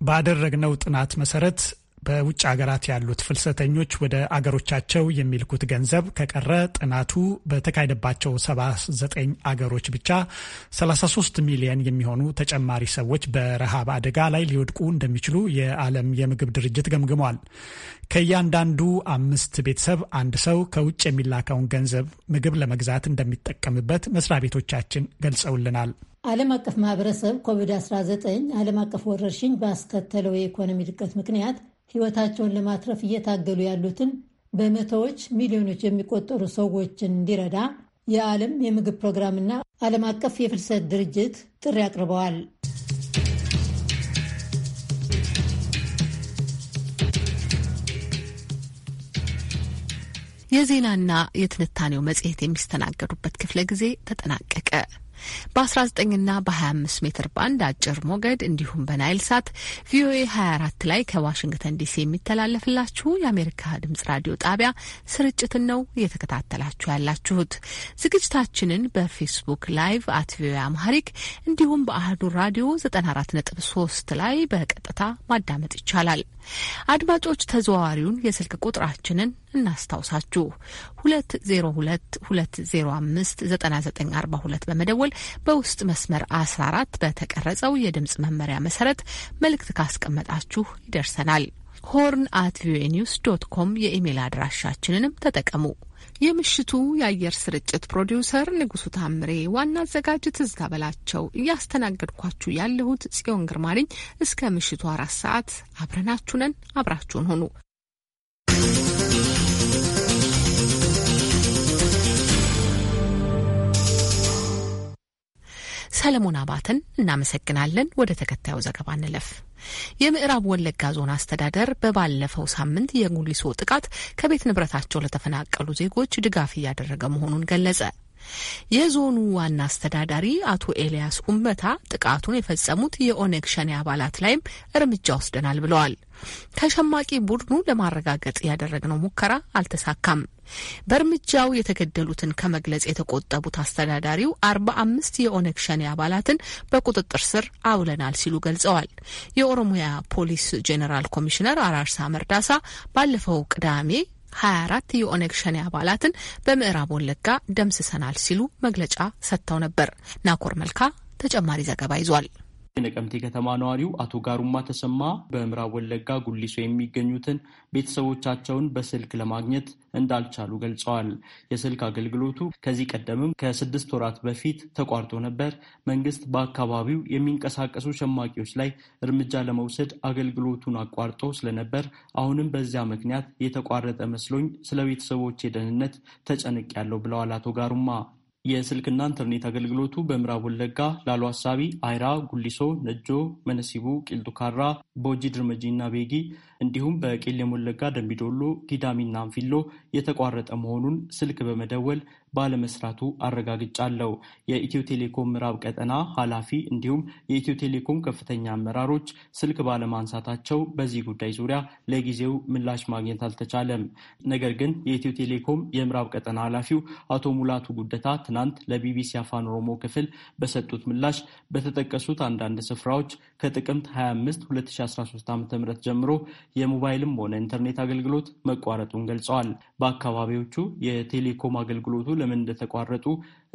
ባደረግነው ጥናት መሰረት በውጭ ሀገራት ያሉት ፍልሰተኞች ወደ አገሮቻቸው የሚልኩት ገንዘብ ከቀረ ጥናቱ በተካሄደባቸው 79 አገሮች ብቻ 33 ሚሊየን የሚሆኑ ተጨማሪ ሰዎች በረሃብ አደጋ ላይ ሊወድቁ እንደሚችሉ የዓለም የምግብ ድርጅት ገምግሟል። ከእያንዳንዱ አምስት ቤተሰብ አንድ ሰው ከውጭ የሚላከውን ገንዘብ ምግብ ለመግዛት እንደሚጠቀምበት መስሪያ ቤቶቻችን ገልጸውልናል። ዓለም አቀፍ ማህበረሰብ ኮቪድ-19 ዓለም አቀፍ ወረርሽኝ ባስከተለው የኢኮኖሚ ድቀት ምክንያት ሕይወታቸውን ለማትረፍ እየታገሉ ያሉትን በመቶዎች ሚሊዮኖች የሚቆጠሩ ሰዎችን እንዲረዳ የዓለም የምግብ ፕሮግራምና ዓለም አቀፍ የፍልሰት ድርጅት ጥሪ አቅርበዋል። የዜናና የትንታኔው መጽሔት የሚስተናገዱበት ክፍለ ጊዜ ተጠናቀቀ። በ19ና በ25 ሜትር ባንድ አጭር ሞገድ እንዲሁም በናይል ሳት ቪኦኤ 24 ላይ ከዋሽንግተን ዲሲ የሚተላለፍላችሁ የአሜሪካ ድምጽ ራዲዮ ጣቢያ ስርጭትን ነው እየተከታተላችሁ ያላችሁት። ዝግጅታችንን በፌስቡክ ላይቭ አት ቪኦኤ አምሃሪክ እንዲሁም በአህዱ ራዲዮ 94.3 ላይ በቀጥታ ማዳመጥ ይቻላል። አድማጮች ተዘዋዋሪውን የስልክ ቁጥራችንን እናስታውሳችሁ 2022059942 በመደወል በውስጥ መስመር 14 በተቀረጸው የድምፅ መመሪያ መሰረት መልእክት ካስቀመጣችሁ ይደርሰናል። ሆርን አት ቪኦኤ ኒውስ ዶት ኮም የኢሜል አድራሻችንንም ተጠቀሙ። የምሽቱ የአየር ስርጭት ፕሮዲውሰር ንጉሱ ታምሬ፣ ዋና አዘጋጅ ትዝታ በላቸው፣ እያስተናገድኳችሁ ያለሁት ጽዮን ግርማ ነኝ። እስከ ምሽቱ አራት ሰዓት አብረናችሁ ነን። አብራችሁን ሆኑ። ሰለሞን አባትን እናመሰግናለን። ወደ ተከታዩ ዘገባ እንለፍ። የምዕራብ ወለጋ ዞን አስተዳደር በባለፈው ሳምንት የጉሊሶ ጥቃት ከቤት ንብረታቸው ለተፈናቀሉ ዜጎች ድጋፍ እያደረገ መሆኑን ገለጸ። የዞኑ ዋና አስተዳዳሪ አቶ ኤልያስ ኡመታ ጥቃቱን የፈጸሙት የኦነግ ሸኔ አባላት ላይም እርምጃ ወስደናል ብለዋል። ተሸማቂ ቡድኑ ለማረጋገጥ ያደረግነው ሙከራ አልተሳካም። በእርምጃው የተገደሉትን ከመግለጽ የተቆጠቡት አስተዳዳሪው አርባ አምስት የኦነግ ሸኔ አባላትን በቁጥጥር ስር አውለናል ሲሉ ገልጸዋል። የኦሮሚያ ፖሊስ ጄኔራል ኮሚሽነር አራርሳ መርዳሳ ባለፈው ቅዳሜ 24 የኦነግ ሸኔ አባላትን በምዕራብ ወለጋ ደምስሰናል ሲሉ መግለጫ ሰጥተው ነበር። ናኮር መልካ ተጨማሪ ዘገባ ይዟል። የነቀምቴ ከተማ ነዋሪው አቶ ጋሩማ ተሰማ በምዕራብ ወለጋ ጉሊሶ የሚገኙትን ቤተሰቦቻቸውን በስልክ ለማግኘት እንዳልቻሉ ገልጸዋል። የስልክ አገልግሎቱ ከዚህ ቀደምም ከስድስት ወራት በፊት ተቋርጦ ነበር። መንግስት በአካባቢው የሚንቀሳቀሱ ሸማቂዎች ላይ እርምጃ ለመውሰድ አገልግሎቱን አቋርጦ ስለነበር አሁንም በዚያ ምክንያት የተቋረጠ መስሎኝ ስለ ቤተሰቦቼ ደህንነት ያለው ብለዋል አቶ ጋሩማ የስልክና ኢንተርኔት አገልግሎቱ በምዕራብ ወለጋ ላሉ አሳቢ፣ አይራ፣ ጉሊሶ፣ ነጆ፣ መነሲቡ፣ ቂልጡካራ፣ ቦጂ ድርመጂ እና ቤጊ እንዲሁም በቄለም ወለጋ ደንቢዶሎ፣ ጊዳሚና አንፊሎ የተቋረጠ መሆኑን ስልክ በመደወል ባለመስራቱ አረጋግጫለሁ። የኢትዮ ቴሌኮም ምዕራብ ቀጠና ኃላፊ እንዲሁም የኢትዮ ቴሌኮም ከፍተኛ አመራሮች ስልክ ባለማንሳታቸው በዚህ ጉዳይ ዙሪያ ለጊዜው ምላሽ ማግኘት አልተቻለም። ነገር ግን የኢትዮ ቴሌኮም የምዕራብ ቀጠና ኃላፊው አቶ ሙላቱ ጉደታ ትናንት ለቢቢሲ አፋን ኦሮሞ ክፍል በሰጡት ምላሽ በተጠቀሱት አንዳንድ ስፍራዎች ከጥቅምት 25 2013 ዓ.ም ጀምሮ የሞባይልም ሆነ ኢንተርኔት አገልግሎት መቋረጡን ገልጸዋል። በአካባቢዎቹ የቴሌኮም አገልግሎቱ ለምን እንደተቋረጡ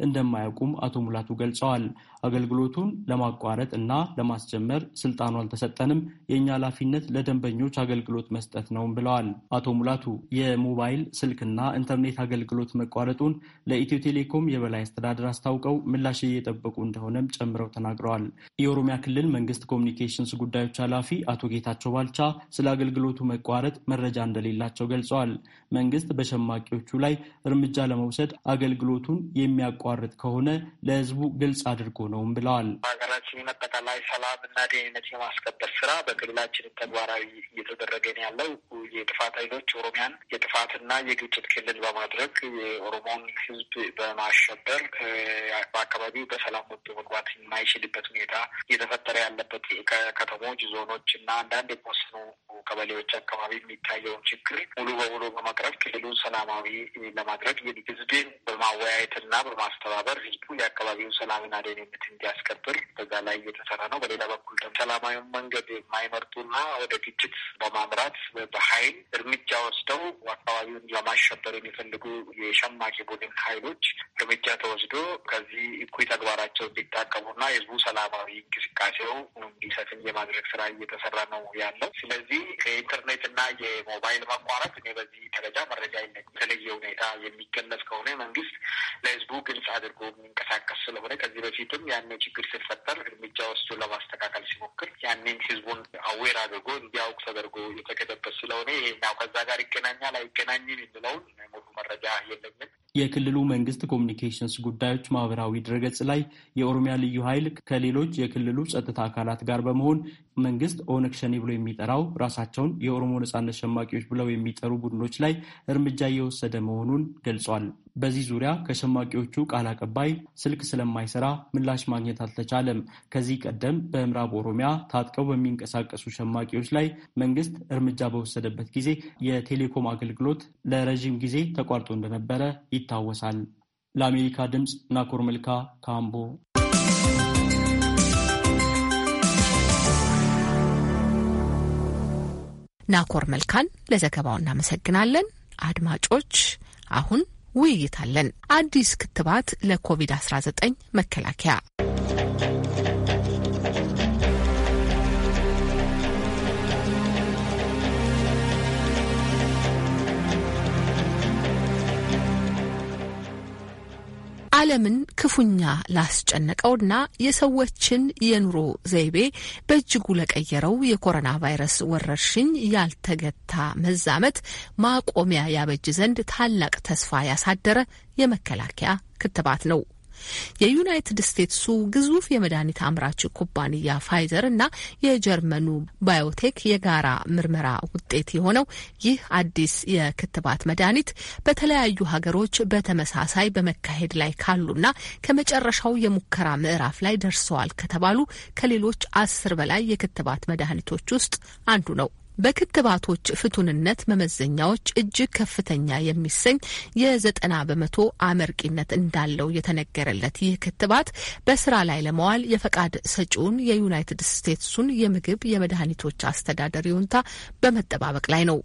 እንደማያውቁም አቶ ሙላቱ ገልጸዋል። አገልግሎቱን ለማቋረጥ እና ለማስጀመር ስልጣኑ አልተሰጠንም። የእኛ ኃላፊነት ለደንበኞች አገልግሎት መስጠት ነው ብለዋል። አቶ ሙላቱ የሞባይል ስልክና ኢንተርኔት አገልግሎት መቋረጡን ለኢትዮ ቴሌኮም የበላይ አስተዳደር አስታውቀው ምላሽ እየጠበቁ እንደሆነም ጨምረው ተናግረዋል። የኦሮሚያ ክልል መንግስት ኮሚኒኬሽንስ ጉዳዮች ኃላፊ አቶ ጌታቸው ባልቻ ስለ አገልግሎቱ መቋረጥ መረጃ እንደሌላቸው ገልጸዋል። መንግስት በሸማቂዎቹ ላይ እርምጃ ለመውሰድ አገልግሎቱን የሚያቋ የሚያቋርጥ ከሆነ ለህዝቡ ግልጽ አድርጎ ነውም ብለዋል። በሀገራችን አጠቃላይ ሰላም እና ደህንነት የማስከበር ስራ በክልላችን ተግባራዊ እየተደረገ ነው ያለው። የጥፋት ኃይሎች ኦሮሚያን የጥፋትና የግጭት ክልል በማድረግ የኦሮሞን ህዝብ በማሸበር በአካባቢው በሰላም ወጥቶ መግባት የማይችልበት ሁኔታ እየተፈጠረ ያለበት ከተሞች፣ ዞኖች እና አንዳንድ የተወሰኑ ቀበሌዎች አካባቢ የሚታየውን ችግር ሙሉ በሙሉ በማቅረብ ክልሉን ሰላማዊ ለማድረግ ህዝብን በማወያየት በማስ በማስተባበር ህዝቡ የአካባቢውን ሰላምና ደህንነት እንዲያስከብር በዛ ላይ እየተሰራ ነው። በሌላ በኩል ደግሞ ሰላማዊውን መንገድ የማይመርጡና ወደ ግጭት በማምራት በኃይል እርምጃ ወስደው አካባቢውን ለማሸበር የሚፈልጉ የሸማቂ ቡድን ኃይሎች እርምጃ ተወስዶ ከዚህ እኩይ ተግባራቸው እንዲታቀሙና የህዝቡ ሰላማዊ እንቅስቃሴው እንዲሰፍን የማድረግ ስራ እየተሰራ ነው ያለው። ስለዚህ የኢንተርኔትና የሞባይል መቋረጥ እኔ በዚህ ደረጃ መረጃ በተለየ ሁኔታ የሚገለጽ ከሆነ መንግስት ለህዝቡ ግልጽ አድርጎ የሚንቀሳቀስ ስለሆነ ከዚህ በፊትም ያንን ችግር ሲፈጠር እርምጃ ወስዶ ለማስተካከል ሲሞክር ያንን ህዝቡን አዌር አድርጎ እንዲያውቅ ተደርጎ የተገደበት ስለሆነ ይሄናው ከዛ ጋር ይገናኛል አይገናኝም የሚለውን ሙሉ መረጃ የለኝም። የክልሉ መንግስት ኮሚኒኬሽንስ ጉዳዮች ማህበራዊ ድረገጽ ላይ የኦሮሚያ ልዩ ኃይል ከሌሎች የክልሉ ጸጥታ አካላት ጋር በመሆን መንግስት ኦነግ ሸኔ ብሎ የሚጠራው ራሳቸውን የኦሮሞ ነጻነት ሸማቂዎች ብለው የሚጠሩ ቡድኖች ላይ እርምጃ እየወሰደ መሆኑን ገልጿል። በዚህ ዙሪያ ከሸማቂዎቹ ቃል አቀባይ ስልክ ስለማይሰራ ምላሽ ማግኘት አልተቻለም። ከዚህ ቀደም በምዕራብ ኦሮሚያ ታጥቀው በሚንቀሳቀሱ ሸማቂዎች ላይ መንግስት እርምጃ በወሰደበት ጊዜ የቴሌኮም አገልግሎት ለረዥም ጊዜ ተቋርጦ እንደነበረ ይታወሳል። ለአሜሪካ ድምፅ ናኮር መልካ ካምቦ። ናኮር መልካን ለዘገባው እናመሰግናለን። አድማጮች አሁን ውይይት አለን። አዲስ ክትባት ለኮቪድ-19 መከላከያ ዓለምን ክፉኛ ላስጨነቀውና የሰዎችን የኑሮ ዘይቤ በእጅጉ ለቀየረው የኮሮና ቫይረስ ወረርሽኝ ያልተገታ መዛመት ማቆሚያ ያበጅ ዘንድ ታላቅ ተስፋ ያሳደረ የመከላከያ ክትባት ነው። የዩናይትድ ስቴትሱ ግዙፍ የመድኃኒት አምራች ኩባንያ ፋይዘር እና የጀርመኑ ባዮቴክ የጋራ ምርመራ ውጤት የሆነው ይህ አዲስ የክትባት መድኃኒት በተለያዩ ሀገሮች በተመሳሳይ በመካሄድ ላይ ካሉና ከመጨረሻው የሙከራ ምዕራፍ ላይ ደርሰዋል ከተባሉ ከሌሎች አስር በላይ የክትባት መድኃኒቶች ውስጥ አንዱ ነው። በክትባቶች ፍቱንነት መመዘኛዎች እጅግ ከፍተኛ የሚሰኝ የዘጠና በመቶ አመርቂነት እንዳለው የተነገረለት ይህ ክትባት በስራ ላይ ለመዋል የፈቃድ ሰጪውን የዩናይትድ ስቴትሱን የምግብ የመድኃኒቶች አስተዳደር ይሁንታ በመጠባበቅ ላይ ነው።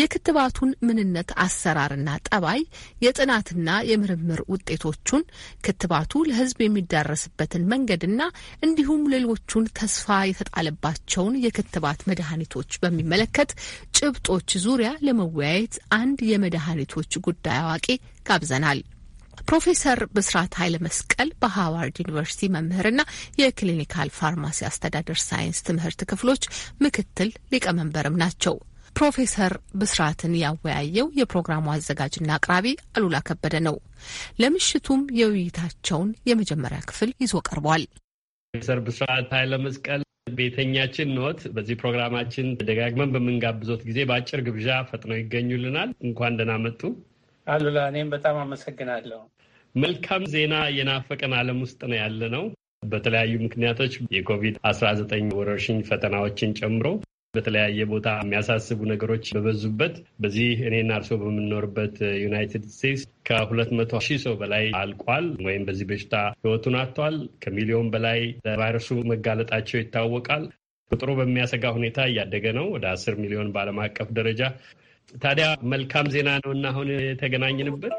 የክትባቱን ምንነት አሰራርና ጠባይ፣ የጥናትና የምርምር ውጤቶቹን፣ ክትባቱ ለህዝብ የሚዳረስበትን መንገድና እንዲሁም ሌሎቹን ተስፋ የተጣለባቸውን የክትባት መድኃኒቶች በሚመለከት ጭብጦች ዙሪያ ለመወያየት አንድ የመድኃኒቶች ጉዳይ አዋቂ ጋብዘናል። ፕሮፌሰር ብስራት ኃይለ መስቀል በሃዋርድ ዩኒቨርሲቲ መምህርና የክሊኒካል ፋርማሲ አስተዳደር ሳይንስ ትምህርት ክፍሎች ምክትል ሊቀመንበርም ናቸው። ፕሮፌሰር ብስራትን ያወያየው የፕሮግራሙ አዘጋጅና አቅራቢ አሉላ ከበደ ነው። ለምሽቱም የውይይታቸውን የመጀመሪያ ክፍል ይዞ ቀርቧል። ፕሮፌሰር ብስራት ኃይለ መስቀል ቤተኛችን ኖት። በዚህ ፕሮግራማችን ደጋግመን በምንጋብዞት ጊዜ በአጭር ግብዣ ፈጥነው ይገኙልናል። እንኳን ደህና መጡ አሉላ። እኔም በጣም አመሰግናለሁ። መልካም ዜና የናፈቀን ዓለም ውስጥ ነው ያለ ነው። በተለያዩ ምክንያቶች የኮቪድ-19 ወረርሽኝ ፈተናዎችን ጨምሮ በተለያየ ቦታ የሚያሳስቡ ነገሮች በበዙበት በዚህ እኔና እርሶ በምንኖርበት ዩናይትድ ስቴትስ ከሁለት መቶ ሺህ ሰው በላይ አልቋል ወይም በዚህ በሽታ ህይወቱን አጥቷል። ከሚሊዮን በላይ ለቫይረሱ መጋለጣቸው ይታወቃል። ቁጥሩ በሚያሰጋ ሁኔታ እያደገ ነው ወደ አስር ሚሊዮን በዓለም አቀፍ ደረጃ። ታዲያ መልካም ዜና ነው እና አሁን የተገናኝንበት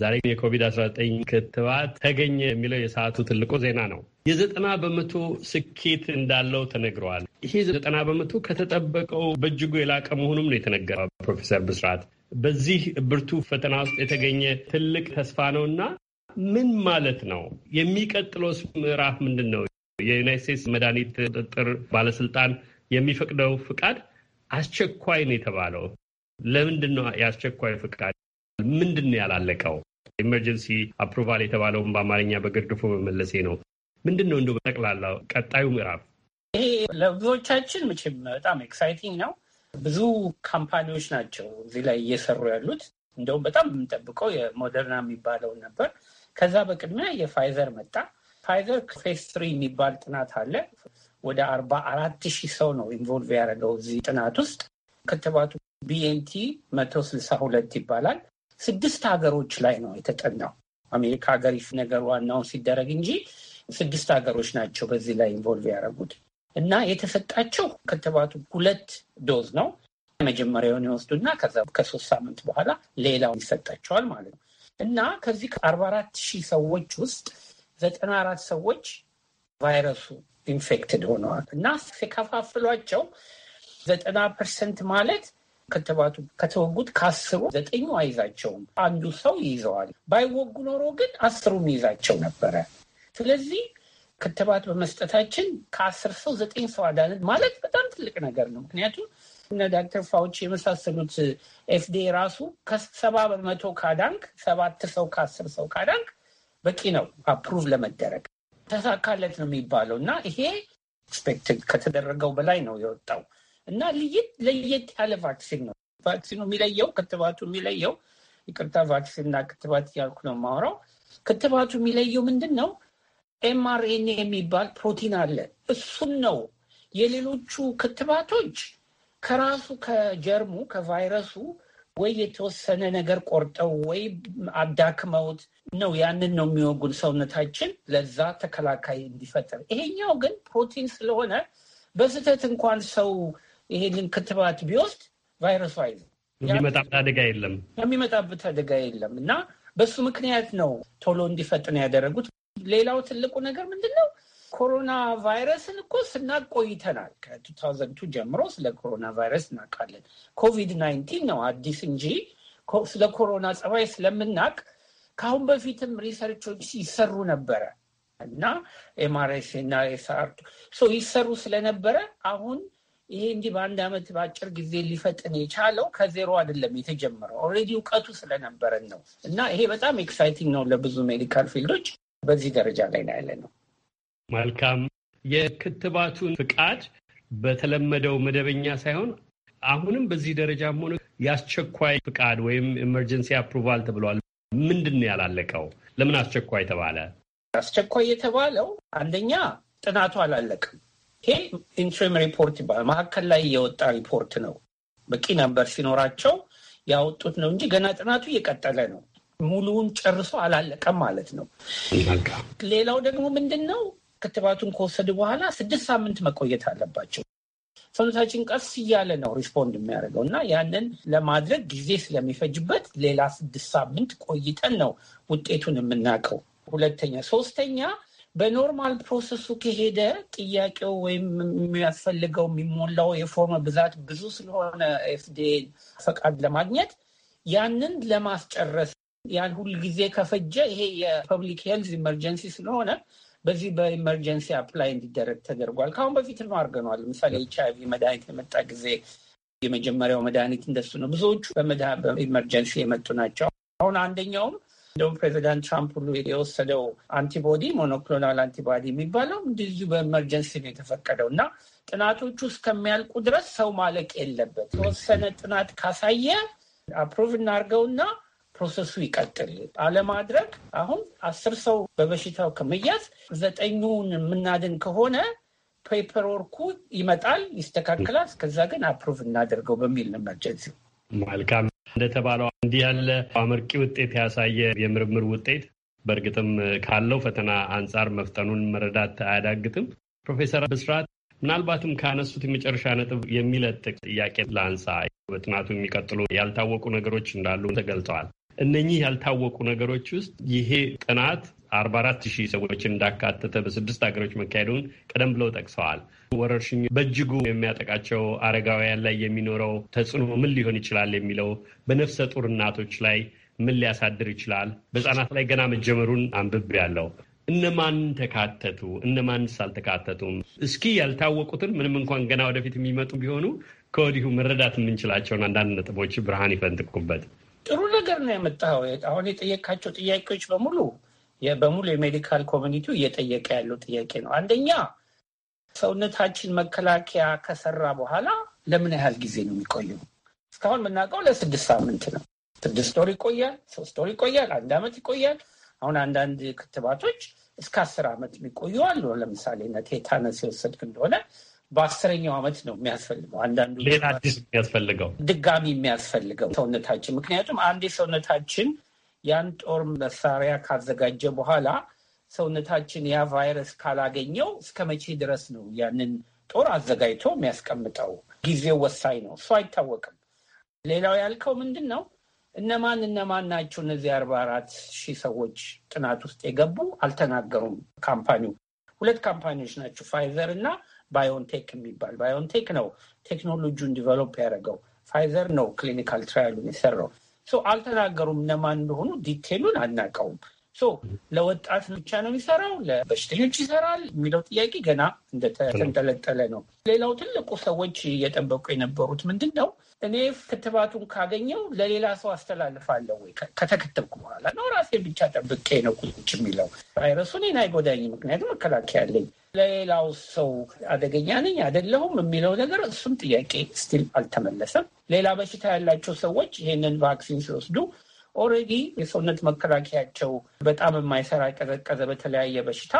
ዛሬ የኮቪድ-19 ክትባት ተገኘ የሚለው የሰዓቱ ትልቁ ዜና ነው። የዘጠና በመቶ ስኬት እንዳለው ተነግረዋል። ይሄ ዘጠና በመቶ ከተጠበቀው በእጅጉ የላቀ መሆኑም ነው የተነገረው። ፕሮፌሰር ብስራት በዚህ ብርቱ ፈተና ውስጥ የተገኘ ትልቅ ተስፋ ነው እና ምን ማለት ነው? የሚቀጥለውስ ምዕራፍ ምንድን ነው? የዩናይት ስቴትስ መድኃኒት ቁጥጥር ባለስልጣን የሚፈቅደው ፍቃድ አስቸኳይ ነው የተባለው ለምንድን ነው? የአስቸኳይ ፍቃድ ምንድን ነው ያላለቀው? ኤመርጀንሲ አፕሩቫል የተባለውን በአማርኛ በግርድፉ መመለሴ ነው። ምንድን ነው እንደው በጠቅላላው ቀጣዩ ምዕራፍ? ይሄ ለብዙዎቻችን መቼም በጣም ኤክሳይቲንግ ነው። ብዙ ካምፓኒዎች ናቸው እዚህ ላይ እየሰሩ ያሉት። እንደውም በጣም የምንጠብቀው የሞደርና የሚባለውን ነበር። ከዛ በቅድሚያ የፋይዘር መጣ። ፋይዘር ፌስ ትሪ የሚባል ጥናት አለ። ወደ አርባ አራት ሺህ ሰው ነው ኢንቮልቭ ያደረገው እዚህ ጥናት ውስጥ ክትባቱ ቢኤንቲ መቶ ስልሳ ሁለት ይባላል። ስድስት ሀገሮች ላይ ነው የተጠናው። አሜሪካ ሀገር ነገር ዋናውን ሲደረግ እንጂ ስድስት ሀገሮች ናቸው በዚህ ላይ ኢንቮልቭ ያደረጉት እና የተሰጣቸው ክትባቱ ሁለት ዶዝ ነው። መጀመሪያውን ይወስዱና ከዛ ከሶስት ሳምንት በኋላ ሌላውን ይሰጣቸዋል ማለት ነው እና ከዚህ ከአርባ አራት ሺህ ሰዎች ውስጥ ዘጠና አራት ሰዎች ቫይረሱ ኢንፌክትድ ሆነዋል እና ሲከፋፍሏቸው ዘጠና ፐርሰንት ማለት ክትባቱ ከተወጉት ከአስሩ ዘጠኙ አይዛቸውም፣ አንዱ ሰው ይይዘዋል። ባይወጉ ኖሮ ግን አስሩም ይይዛቸው ነበረ። ስለዚህ ክትባት በመስጠታችን ከአስር ሰው ዘጠኝ ሰው አዳነ ማለት በጣም ትልቅ ነገር ነው። ምክንያቱም እነ ዳክተር ፋውቺ የመሳሰሉት ኤፍዴ ራሱ ከሰባ በመቶ ካዳንክ ሰባት ሰው ከአስር ሰው ካዳንክ በቂ ነው አፕሩቭ ለመደረግ ተሳካለት ነው የሚባለው እና ይሄ ኤክስፔክትድ ከተደረገው በላይ ነው የወጣው። እና ልይት ለየት ያለ ቫክሲን ነው። ቫክሲኑ የሚለየው ክትባቱ የሚለየው ይቅርታ፣ እና ክትባት እያልኩ ነው የማወራው። ክትባቱ የሚለየው ምንድን ነው? ኤምአርኤን የሚባል ፕሮቲን አለ። እሱም ነው የሌሎቹ ክትባቶች ከራሱ ከጀርሙ ከቫይረሱ ወይ የተወሰነ ነገር ቆርጠው ወይ አዳክመውት ነው ያንን ነው የሚወጉን ሰውነታችን ለዛ ተከላካይ እንዲፈጠር። ይሄኛው ግን ፕሮቲን ስለሆነ በስህተት እንኳን ሰው ይሄንን ክትባት ቢወስድ ቫይረሱ አይዘ የሚመጣበት አደጋ የለም፣ የሚመጣበት አደጋ የለም እና በሱ ምክንያት ነው ቶሎ እንዲፈጥን ያደረጉት። ሌላው ትልቁ ነገር ምንድን ነው? ኮሮና ቫይረስን እኮ ስናቅ ቆይተናል። ከ2002 ጀምሮ ስለ ኮሮና ቫይረስ እናውቃለን። ኮቪድ ናይንቲን ነው አዲስ እንጂ ስለ ኮሮና ጸባይ ስለምናቅ ከአሁን በፊትም ሪሰርቾች ይሰሩ ነበረ እና ኤምአርኤስ እና ኤስአር ይሰሩ ስለነበረ አሁን ይሄ እንዲህ በአንድ ዓመት በአጭር ጊዜ ሊፈጥን የቻለው ከዜሮ አይደለም የተጀመረው ኦልሬዲ እውቀቱ ስለነበረን ነው። እና ይሄ በጣም ኤክሳይቲንግ ነው ለብዙ ሜዲካል ፊልዶች በዚህ ደረጃ ላይ ያለ ነው። መልካም የክትባቱን ፍቃድ በተለመደው መደበኛ ሳይሆን አሁንም በዚህ ደረጃም ሆነ የአስቸኳይ ፍቃድ ወይም ኢመርጀንሲ አፕሩቫል ተብሏል። ምንድን ነው ያላለቀው? ለምን አስቸኳይ ተባለ? አስቸኳይ የተባለው አንደኛ ጥናቱ አላለቅም። ይሄ ኢንትሪም ሪፖርት ይባላል። መካከል ላይ የወጣ ሪፖርት ነው። በቂ ነበር ሲኖራቸው ያወጡት ነው እንጂ ገና ጥናቱ እየቀጠለ ነው። ሙሉውን ጨርሶ አላለቀም ማለት ነው። ሌላው ደግሞ ምንድን ነው ክትባቱን ከወሰዱ በኋላ ስድስት ሳምንት መቆየት አለባቸው። ሰውነታችን ቀስ እያለ ነው ሪስፖንድ የሚያደርገው እና ያንን ለማድረግ ጊዜ ስለሚፈጅበት ሌላ ስድስት ሳምንት ቆይተን ነው ውጤቱን የምናውቀው። ሁለተኛ ሶስተኛ በኖርማል ፕሮሰሱ ከሄደ ጥያቄው ወይም የሚያስፈልገው የሚሞላው የፎርም ብዛት ብዙ ስለሆነ ኤፍዲኤ ፈቃድ ለማግኘት ያንን ለማስጨረስ ያን ጊዜ ከፈጀ ይሄ የፐብሊክ ሄልዝ ኢመርጀንሲ ስለሆነ በዚህ በኢመርጀንሲ አፕላይ እንዲደረግ ተደርጓል። ከአሁን በፊት ነው አድርገነዋል። ለምሳሌ ኤች አይቪ መድኃኒት የመጣ ጊዜ የመጀመሪያው መድኃኒት እንደሱ ነው። ብዙዎቹ በኢመርጀንሲ የመጡ ናቸው። አሁን አንደኛውም እንደውም ፕሬዚዳንት ትራምፕ ሁሉ የወሰደው አንቲቦዲ ሞኖክሎናል አንቲቦዲ የሚባለው እንደዚሁ በኤመርጀንሲ ነው የተፈቀደው እና ጥናቶቹ እስከሚያልቁ ድረስ ሰው ማለቅ የለበት። የተወሰነ ጥናት ካሳየ አፕሩቭ እናርገውና ፕሮሰሱ ይቀጥል። አለማድረግ አሁን አስር ሰው በበሽታው ከመያዝ ዘጠኙን የምናድን ከሆነ ፔፐር ወርኩ ይመጣል፣ ይስተካከላል። እስከዛ ግን አፕሩቭ እናደርገው በሚል ነው መልካም እንደተባለው እንዲህ ያለ አመርቂ ውጤት ያሳየ የምርምር ውጤት በእርግጥም ካለው ፈተና አንጻር መፍጠኑን መረዳት አያዳግትም። ፕሮፌሰር ብስራት ምናልባትም ካነሱት የመጨረሻ ነጥብ የሚለጥቅ ጥያቄ ላንሳ። በጥናቱ የሚቀጥሉ ያልታወቁ ነገሮች እንዳሉ ተገልጸዋል። እነኚህ ያልታወቁ ነገሮች ውስጥ ይሄ ጥናት 44 ሺህ ሰዎችን እንዳካተተ በስድስት ሀገሮች መካሄዱን ቀደም ብለው ጠቅሰዋል። ወረርሽኙ በእጅጉ የሚያጠቃቸው አረጋውያን ላይ የሚኖረው ተጽዕኖ ምን ሊሆን ይችላል የሚለው በነፍሰ ጡር እናቶች ላይ ምን ሊያሳድር ይችላል? በህፃናት ላይ ገና መጀመሩን አንብብ ያለው እነማን ተካተቱ እነማንስ አልተካተቱም? እስኪ ያልታወቁትን ምንም እንኳን ገና ወደፊት የሚመጡ ቢሆኑ ከወዲሁ መረዳት የምንችላቸውን አንዳንድ ነጥቦች ብርሃን ይፈንጥቁበት። ጥሩ ነገር ነው የመጣው። አሁን የጠየካቸው ጥያቄዎች በሙሉ በሙሉ የሜዲካል ኮሚኒቲው እየጠየቀ ያለው ጥያቄ ነው። አንደኛ ሰውነታችን መከላከያ ከሰራ በኋላ ለምን ያህል ጊዜ ነው የሚቆየው? እስካሁን የምናውቀው ለስድስት ሳምንት ነው። ስድስት ወር ይቆያል፣ ሶስት ወር ይቆያል፣ አንድ ዓመት ይቆያል። አሁን አንዳንድ ክትባቶች እስከ አስር ዓመት የሚቆዩ አሉ። ለምሳሌ ቴታነስ የወሰድክ እንደሆነ በአስረኛው ዓመት ነው የሚያስፈልገው። አንዳንዱ ሌላ አዲስ የሚያስፈልገው ድጋሚ የሚያስፈልገው ሰውነታችን ምክንያቱም አንዴ ሰውነታችን ያን ጦር መሳሪያ ካዘጋጀ በኋላ ሰውነታችን ያ ቫይረስ ካላገኘው እስከ መቼ ድረስ ነው ያንን ጦር አዘጋጅቶ የሚያስቀምጠው? ጊዜው ወሳኝ ነው። እሱ አይታወቅም። ሌላው ያልከው ምንድን ነው? እነማን እነማን ናቸው እነዚህ አርባ አራት ሺህ ሰዎች ጥናት ውስጥ የገቡ አልተናገሩም። ካምፓኒው ሁለት ካምፓኒዎች ናቸው፣ ፋይዘር እና ባዮንቴክ የሚባል ባዮንቴክ ነው ቴክኖሎጂውን ዲቨሎፕ ያደረገው ፋይዘር ነው ክሊኒካል ትራያሉን የሰራው። አልተናገሩም እነማን እንደሆኑ ዲቴሉን አናውቀውም። ሶ ለወጣት ብቻ ነው የሚሰራው፣ ለበሽተኞች ይሰራል የሚለው ጥያቄ ገና እንደተንጠለጠለ ነው። ሌላው ትልቁ ሰዎች እየጠበቁ የነበሩት ምንድን ነው? እኔ ክትባቱን ካገኘው ለሌላ ሰው አስተላልፋለሁ ወይ ከተከተብኩ በኋላ ነው ራሴ ብቻ ጠብቄ ነው ቁጭ የሚለው ቫይረሱ እኔን አይጎዳኝ፣ ምክንያቱም መከላከያ አለኝ። ለሌላው ሰው አደገኛ ነኝ አይደለሁም የሚለው ነገር እሱም ጥያቄ ስቲል አልተመለሰም። ሌላ በሽታ ያላቸው ሰዎች ይህንን ቫክሲን ሲወስዱ ኦልሬዲ የሰውነት መከላከያቸው በጣም የማይሰራ ቀዘቀዘ፣ በተለያየ በሽታ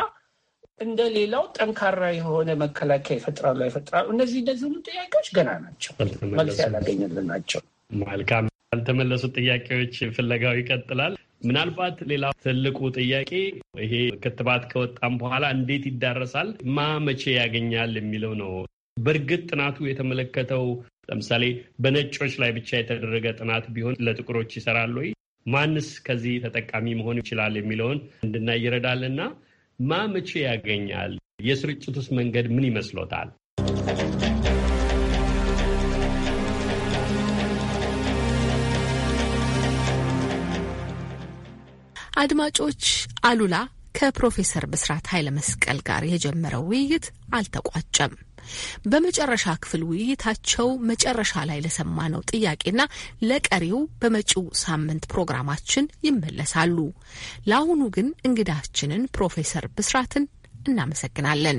እንደ ሌላው ጠንካራ የሆነ መከላከያ ይፈጥራሉ አይፈጥራሉ? እነዚህ እነዚህ ሁሉ ጥያቄዎች ገና ናቸው፣ መልስ ያላገኘልን ናቸው። መልካም ያልተመለሱት ጥያቄዎች ፍለጋው ይቀጥላል። ምናልባት ሌላ ትልቁ ጥያቄ ይሄ ክትባት ከወጣም በኋላ እንዴት ይዳረሳል፣ ማ መቼ ያገኛል የሚለው ነው። በእርግጥ ጥናቱ የተመለከተው ለምሳሌ በነጮች ላይ ብቻ የተደረገ ጥናት ቢሆን ለጥቁሮች ይሰራል ወይ? ማንስ ከዚህ ተጠቃሚ መሆን ይችላል የሚለውን እንድናይ ይረዳልና ማ መቼ ያገኛል? የስርጭቱስ መንገድ ምን ይመስሎታል? አድማጮች አሉላ ከፕሮፌሰር ብስራት ኃይለ መስቀል ጋር የጀመረው ውይይት አልተቋጨም። በመጨረሻ ክፍል ውይይታቸው መጨረሻ ላይ ለሰማነው ጥያቄና ለቀሪው በመጪው ሳምንት ፕሮግራማችን ይመለሳሉ። ለአሁኑ ግን እንግዳችንን ፕሮፌሰር ብስራትን እናመሰግናለን።